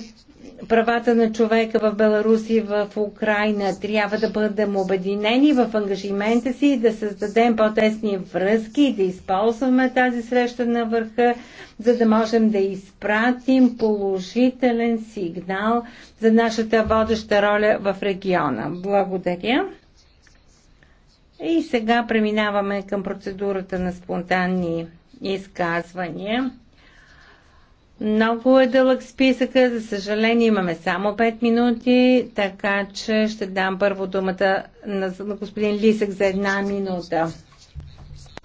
правата на човека в Беларус и в Украина. Трябва да бъдем обединени в ангажимента си и да създадем по-тесни връзки и да използваме тази среща на върха, за да можем да изпратим положителен сигнал за нашата водеща роля в региона. Благодаря. И сега преминаваме към процедурата на спонтанни изказвания. Много е дълъг списъка, за съжаление имаме само 5 минути, така че ще дам първо думата на господин Лисък за една минута.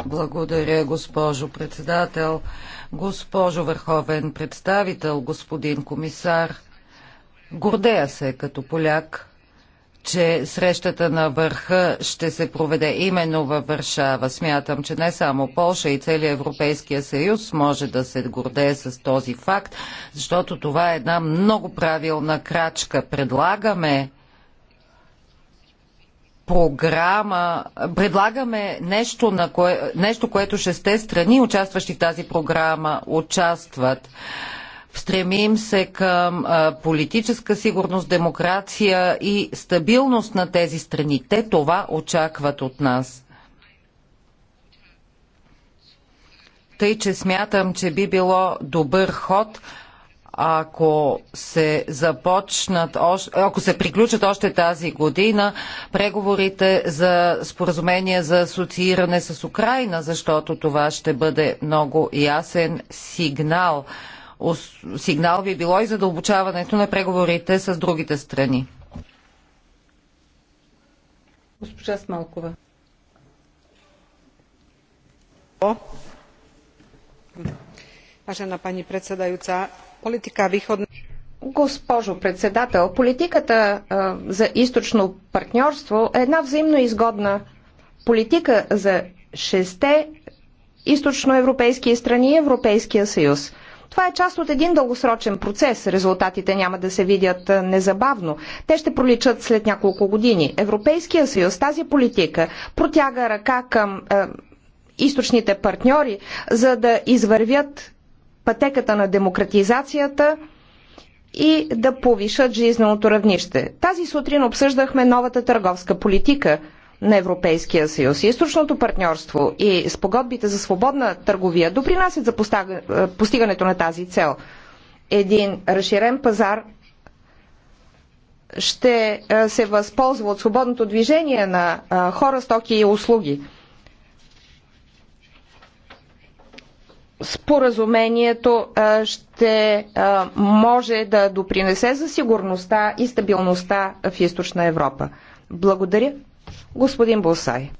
Благодаря, госпожо председател, госпожо върховен представител, господин комисар. Гордея се като поляк че срещата на върха ще се проведе именно във Варшава. Смятам, че не само Полша и целият Европейския съюз може да се гордее с този факт, защото това е една много правилна крачка. Предлагаме програма, предлагаме нещо, на кое, нещо което шесте страни, участващи в тази програма, участват. Стремим се към политическа сигурност, демокрация и стабилност на тези страни. Те това очакват от нас. Тъй, че смятам, че би било добър ход ако се започнат, ако се приключат още тази година преговорите за споразумение за асоцииране с Украина, защото това ще бъде много ясен сигнал сигнал би било и задълбочаването на преговорите с другите страни. Госпожа Смалкова. Госпожо председател, политиката а, за източно партньорство е една взаимно изгодна политика за шесте източноевропейски страни и Европейския съюз. Това е част от един дългосрочен процес. Резултатите няма да се видят незабавно. Те ще проличат след няколко години. Европейския съюз тази политика протяга ръка към е, източните партньори, за да извървят пътеката на демократизацията и да повишат жизненото равнище. Тази сутрин обсъждахме новата търговска политика – на Европейския съюз. Източното партньорство и спогодбите за свободна търговия допринасят за е, постигането на тази цел. Един разширен пазар ще е, се възползва от свободното движение на е, хора, стоки и услуги. Споразумението ще може да допринесе за сигурността и стабилността в източна Европа. Благодаря. Господин Босай.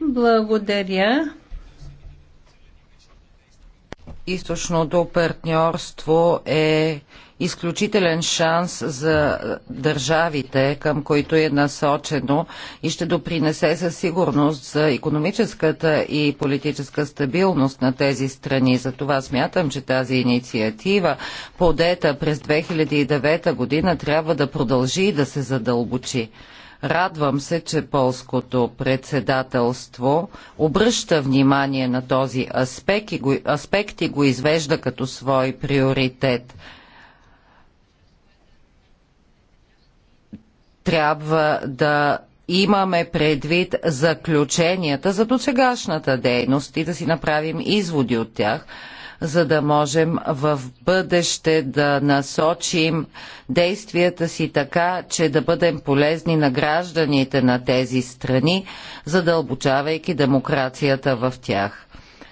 Благодаря. Източното партньорство е изключителен шанс за държавите, към които е насочено и ще допринесе със сигурност за економическата и политическа стабилност на тези страни. Затова смятам, че тази инициатива, подета през 2009 година, трябва да продължи и да се задълбочи. Радвам се, че полското председателство обръща внимание на този аспект и го, аспект и го извежда като свой приоритет. трябва да имаме предвид заключенията за досегашната дейност и да си направим изводи от тях, за да можем в бъдеще да насочим действията си така, че да бъдем полезни на гражданите на тези страни, задълбочавайки демокрацията в тях.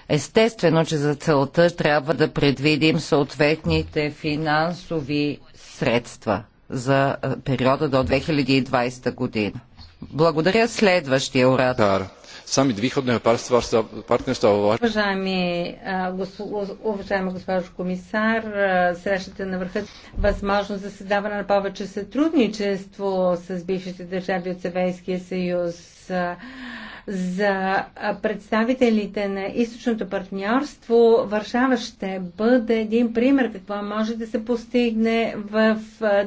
Естествено, че за целта трябва да предвидим съответните финансови средства за е, периода до 2020 година. Благодаря следващия оратор. Самит Виходного е партньорства Уважаеми, е, уважаема госпожо комисар, срещата на върха възможност за създаване на повече сътрудничество с бившите държави от Съвейския съюз за представителите на източното партньорство, Варшава ще бъде един пример какво може да се постигне в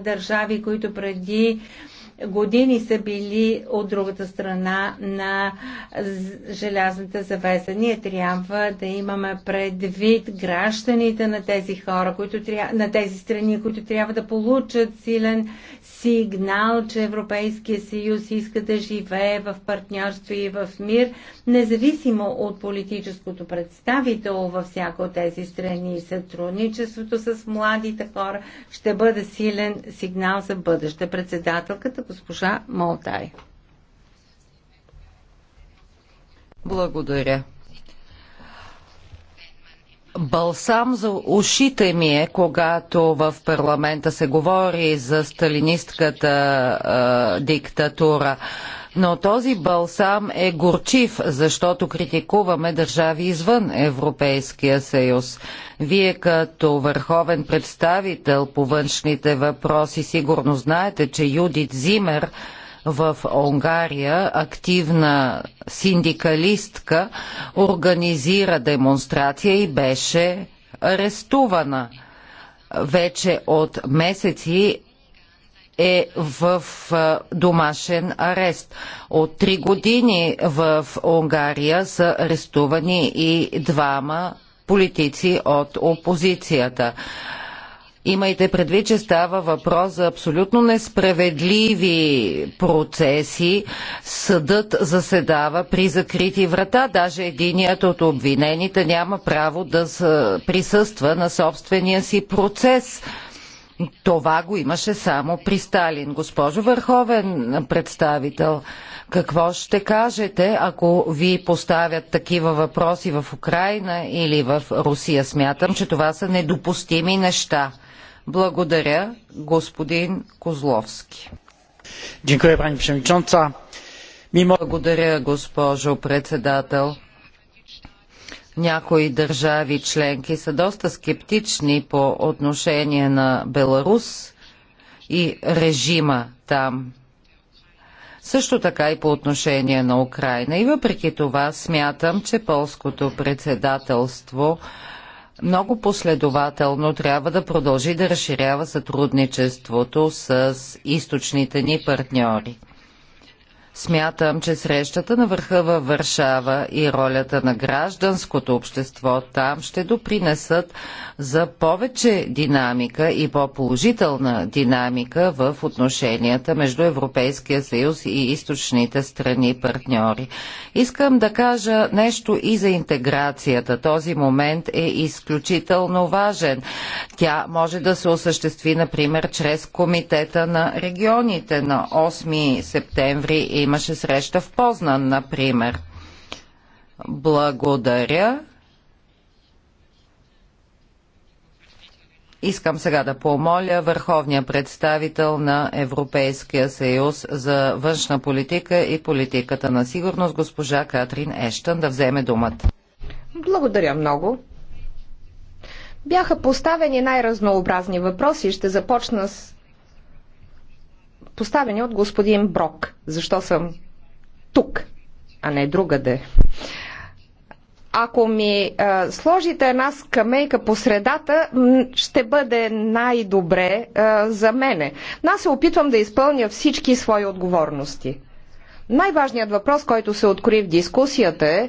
държави, които преди години са били от другата страна на желязната завеса. Ние трябва да имаме предвид гражданите на тези хора, които трябва, на тези страни, които трябва да получат силен сигнал, че Европейския съюз иска да живее в партньорство и в мир, независимо от политическото представител във всяка от тези страни. Сътрудничеството с младите хора ще бъде силен сигнал за бъдеще. Председателката госпожа Молтай. Благодаря. Балсам за ушите ми е, когато в парламента се говори за сталинистката е, диктатура. Но този балсам е горчив, защото критикуваме държави извън Европейския съюз. Вие като върховен представител по външните въпроси сигурно знаете, че Юдит Зимер в Унгария активна синдикалистка организира демонстрация и беше арестувана. Вече от месеци е в домашен арест. От три години в Унгария са арестувани и двама политици от опозицията. Имайте предвид, че става въпрос за абсолютно несправедливи процеси. Съдът заседава при закрити врата. Даже единият от обвинените няма право да присъства на собствения си процес. Това го имаше само при Сталин. Госпожо Върховен представител, какво ще кажете, ако ви поставят такива въпроси в Украина или в Русия? Смятам, че това са недопустими неща. Благодаря, господин Козловски. Благодаря, госпожо председател. Някои държави членки са доста скептични по отношение на Беларус и режима там. Също така и по отношение на Украина. И въпреки това смятам, че полското председателство много последователно трябва да продължи да разширява сътрудничеството с източните ни партньори. Смятам, че срещата на върха във Варшава и ролята на гражданското общество там ще допринесат за повече динамика и по-положителна динамика в отношенията между Европейския съюз и източните страни партньори. Искам да кажа нещо и за интеграцията. Този момент е изключително важен. Тя може да се осъществи, например, чрез Комитета на регионите на 8 септември и имаше среща в Познан, например. Благодаря. Искам сега да помоля върховния представител на Европейския съюз за външна политика и политиката на сигурност, госпожа Катрин Ештън, да вземе думата. Благодаря много. Бяха поставени най-разнообразни въпроси. Ще започна с поставени от господин Брок. Защо съм тук, а не другаде? Ако ми а, е, сложите една скамейка по средата, ще бъде най-добре е, за мене. Но аз се опитвам да изпълня всички свои отговорности. Най-важният въпрос, който се откри в дискусията е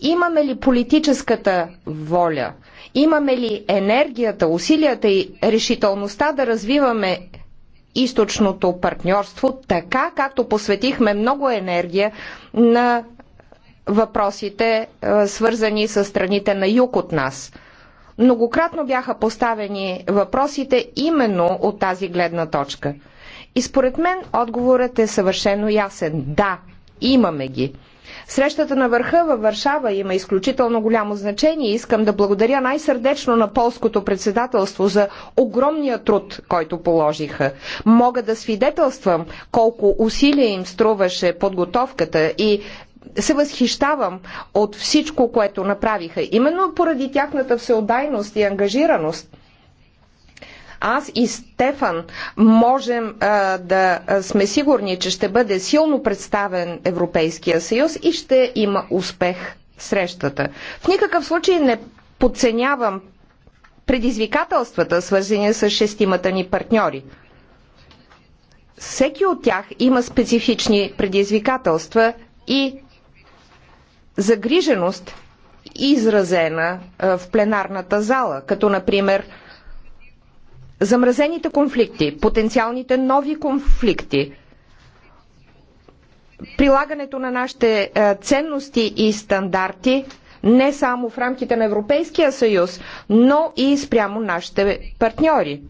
имаме ли политическата воля, имаме ли енергията, усилията и решителността да развиваме източното партньорство, така както посветихме много енергия на въпросите, е, свързани с страните на юг от нас. Многократно бяха поставени въпросите именно от тази гледна точка. И според мен отговорът е съвършено ясен. Да, имаме ги. Срещата на върха във Варшава има изключително голямо значение. Искам да благодаря най-сърдечно на полското председателство за огромния труд, който положиха. Мога да свидетелствам колко усилия им струваше подготовката и се възхищавам от всичко, което направиха, именно поради тяхната всеодайност и ангажираност. Аз и Стефан можем а, да сме сигурни, че ще бъде силно представен Европейския съюз и ще има успех срещата. В никакъв случай не подценявам предизвикателствата, свързани с шестимата ни партньори. Всеки от тях има специфични предизвикателства и загриженост, изразена в пленарната зала, като например замразените конфликти, потенциалните нови конфликти, прилагането на нашите е, ценности и стандарти не само в рамките на Европейския съюз, но и спрямо нашите партньори.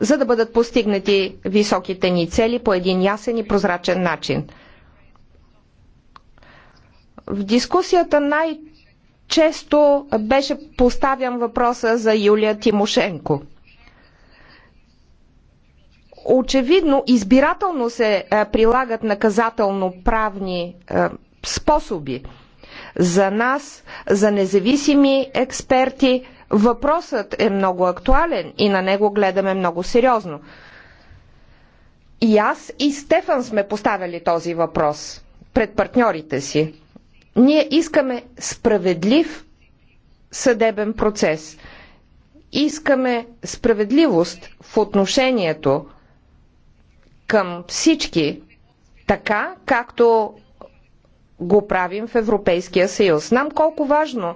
За да бъдат постигнати високите ни цели по един ясен и прозрачен начин. В дискусията най- често беше поставям въпроса за Юлия Тимошенко. Очевидно, избирателно се е, прилагат наказателно-правни е, способи. За нас, за независими експерти, въпросът е много актуален и на него гледаме много сериозно. И аз и Стефан сме поставили този въпрос пред партньорите си. Ние искаме справедлив съдебен процес. Искаме справедливост в отношението към всички, така както го правим в Европейския съюз. Знам колко важно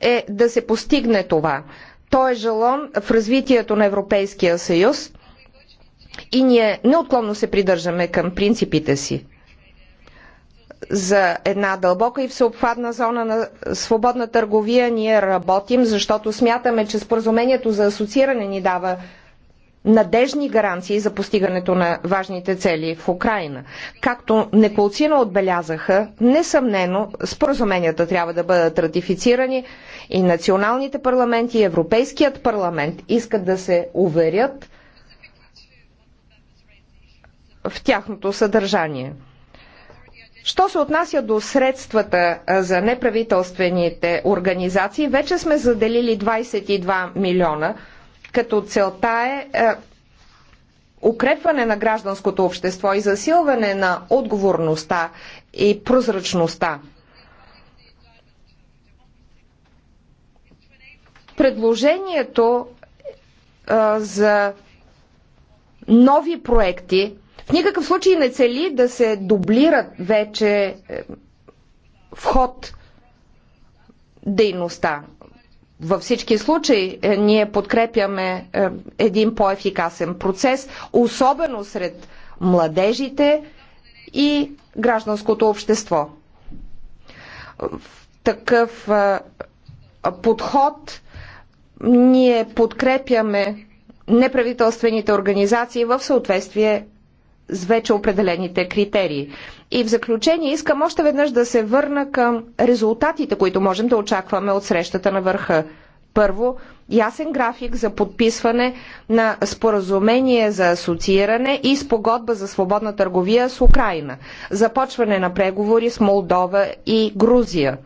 е да се постигне това. Той е жалон в развитието на Европейския съюз и ние неотклонно се придържаме към принципите си за една дълбока и всеобхватна зона на свободна търговия. Ние работим, защото смятаме, че споразумението за асоцииране ни дава надежни гаранции за постигането на важните цели в Украина. Както неколцина отбелязаха, несъмнено споразуменията трябва да бъдат ратифицирани и националните парламенти и Европейският парламент искат да се уверят в тяхното съдържание. Що се отнася до средствата за неправителствените организации, вече сме заделили 22 милиона, като целта е, е, укрепване на гражданското общество и засилване на отговорността и прозрачността. Предложението за нови проекти в никакъв случай не цели да се дублират вече е, вход дейността. Във всички случаи е, ние подкрепяме е, един по-ефикасен процес, особено сред младежите и гражданското общество. В такъв подход ние подкрепяме неправителствените организации в съответствие с вече определените критерии. И в заключение искам още веднъж да се върна към резултатите, които можем да очакваме от срещата на върха. Първо, ясен график за подписване на споразумение за асоцииране и спогодба за свободна търговия с Украина. Започване на преговори с Молдова и Грузия.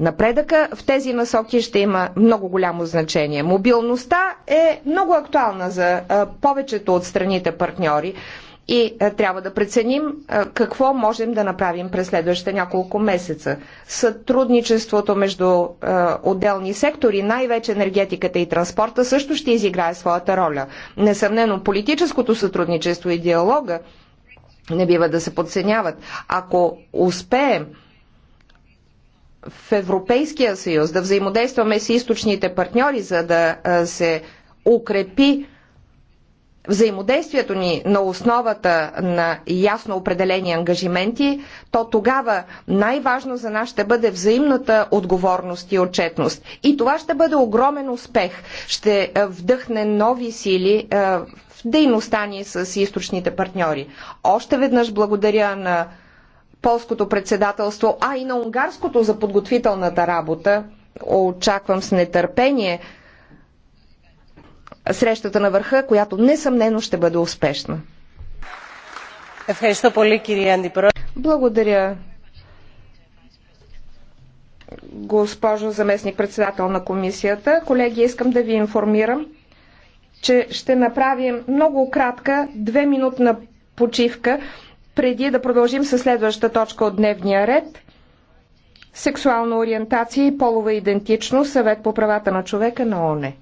Напредъка в тези насоки ще има много голямо значение. Мобилността е много актуална за повечето от страните партньори и трябва да преценим какво можем да направим през следващите няколко месеца. Сътрудничеството между отделни сектори, най-вече енергетиката и транспорта, също ще изиграе своята роля. Несъмнено, политическото сътрудничество и диалога не бива да се подценяват. Ако успеем в Европейския съюз, да взаимодействаме с източните партньори, за да се укрепи взаимодействието ни на основата на ясно определени ангажименти, то тогава най-важно за нас ще бъде взаимната отговорност и отчетност. И това ще бъде огромен успех. Ще вдъхне нови сили в дейността ни с източните партньори. Още веднъж благодаря на полското председателство, а и на унгарското за подготвителната работа. Очаквам с нетърпение срещата на върха, която несъмнено ще бъде успешна. Благодаря, госпожо заместник председател на комисията. Колеги, искам да ви информирам, че ще направим много кратка две минутна почивка. Преди да продължим със следващата точка от дневния ред, сексуална ориентация и полова идентичност, съвет по правата на човека на ОНЕ.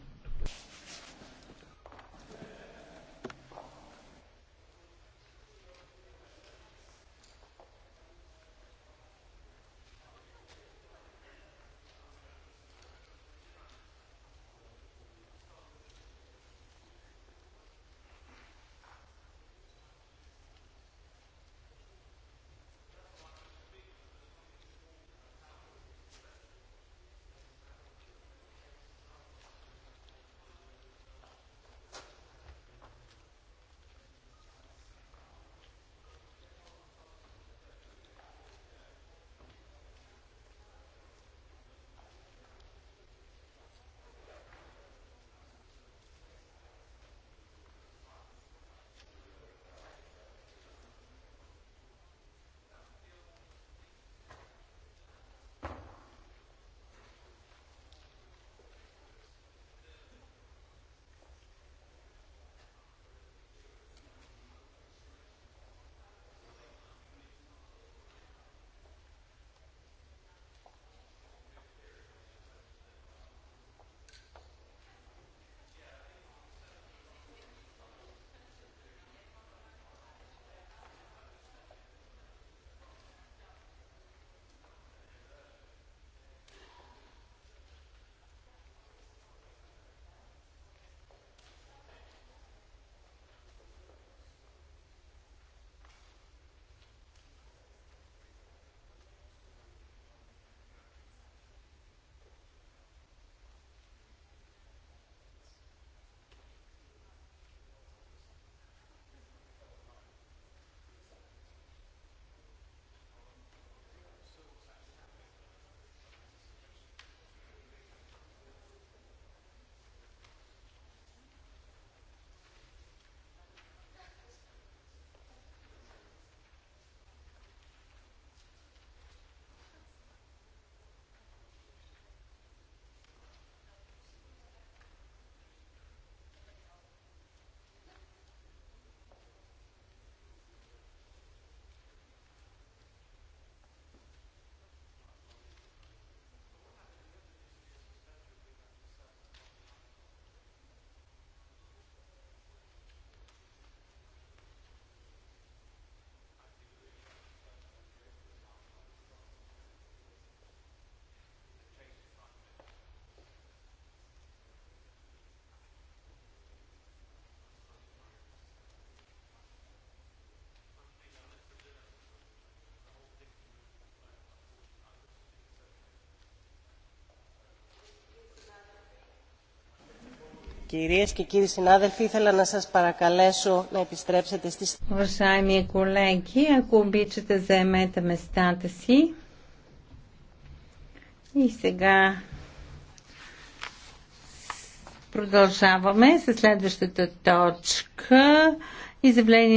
Κυρίες και κύριοι συνάδελφοι, ήθελα να σας παρακαλέσω να επιστρέψετε στις... Уважаеми колеги, ако обичате, заемете местата си. И сега продължаваме с следващата точка. Изявление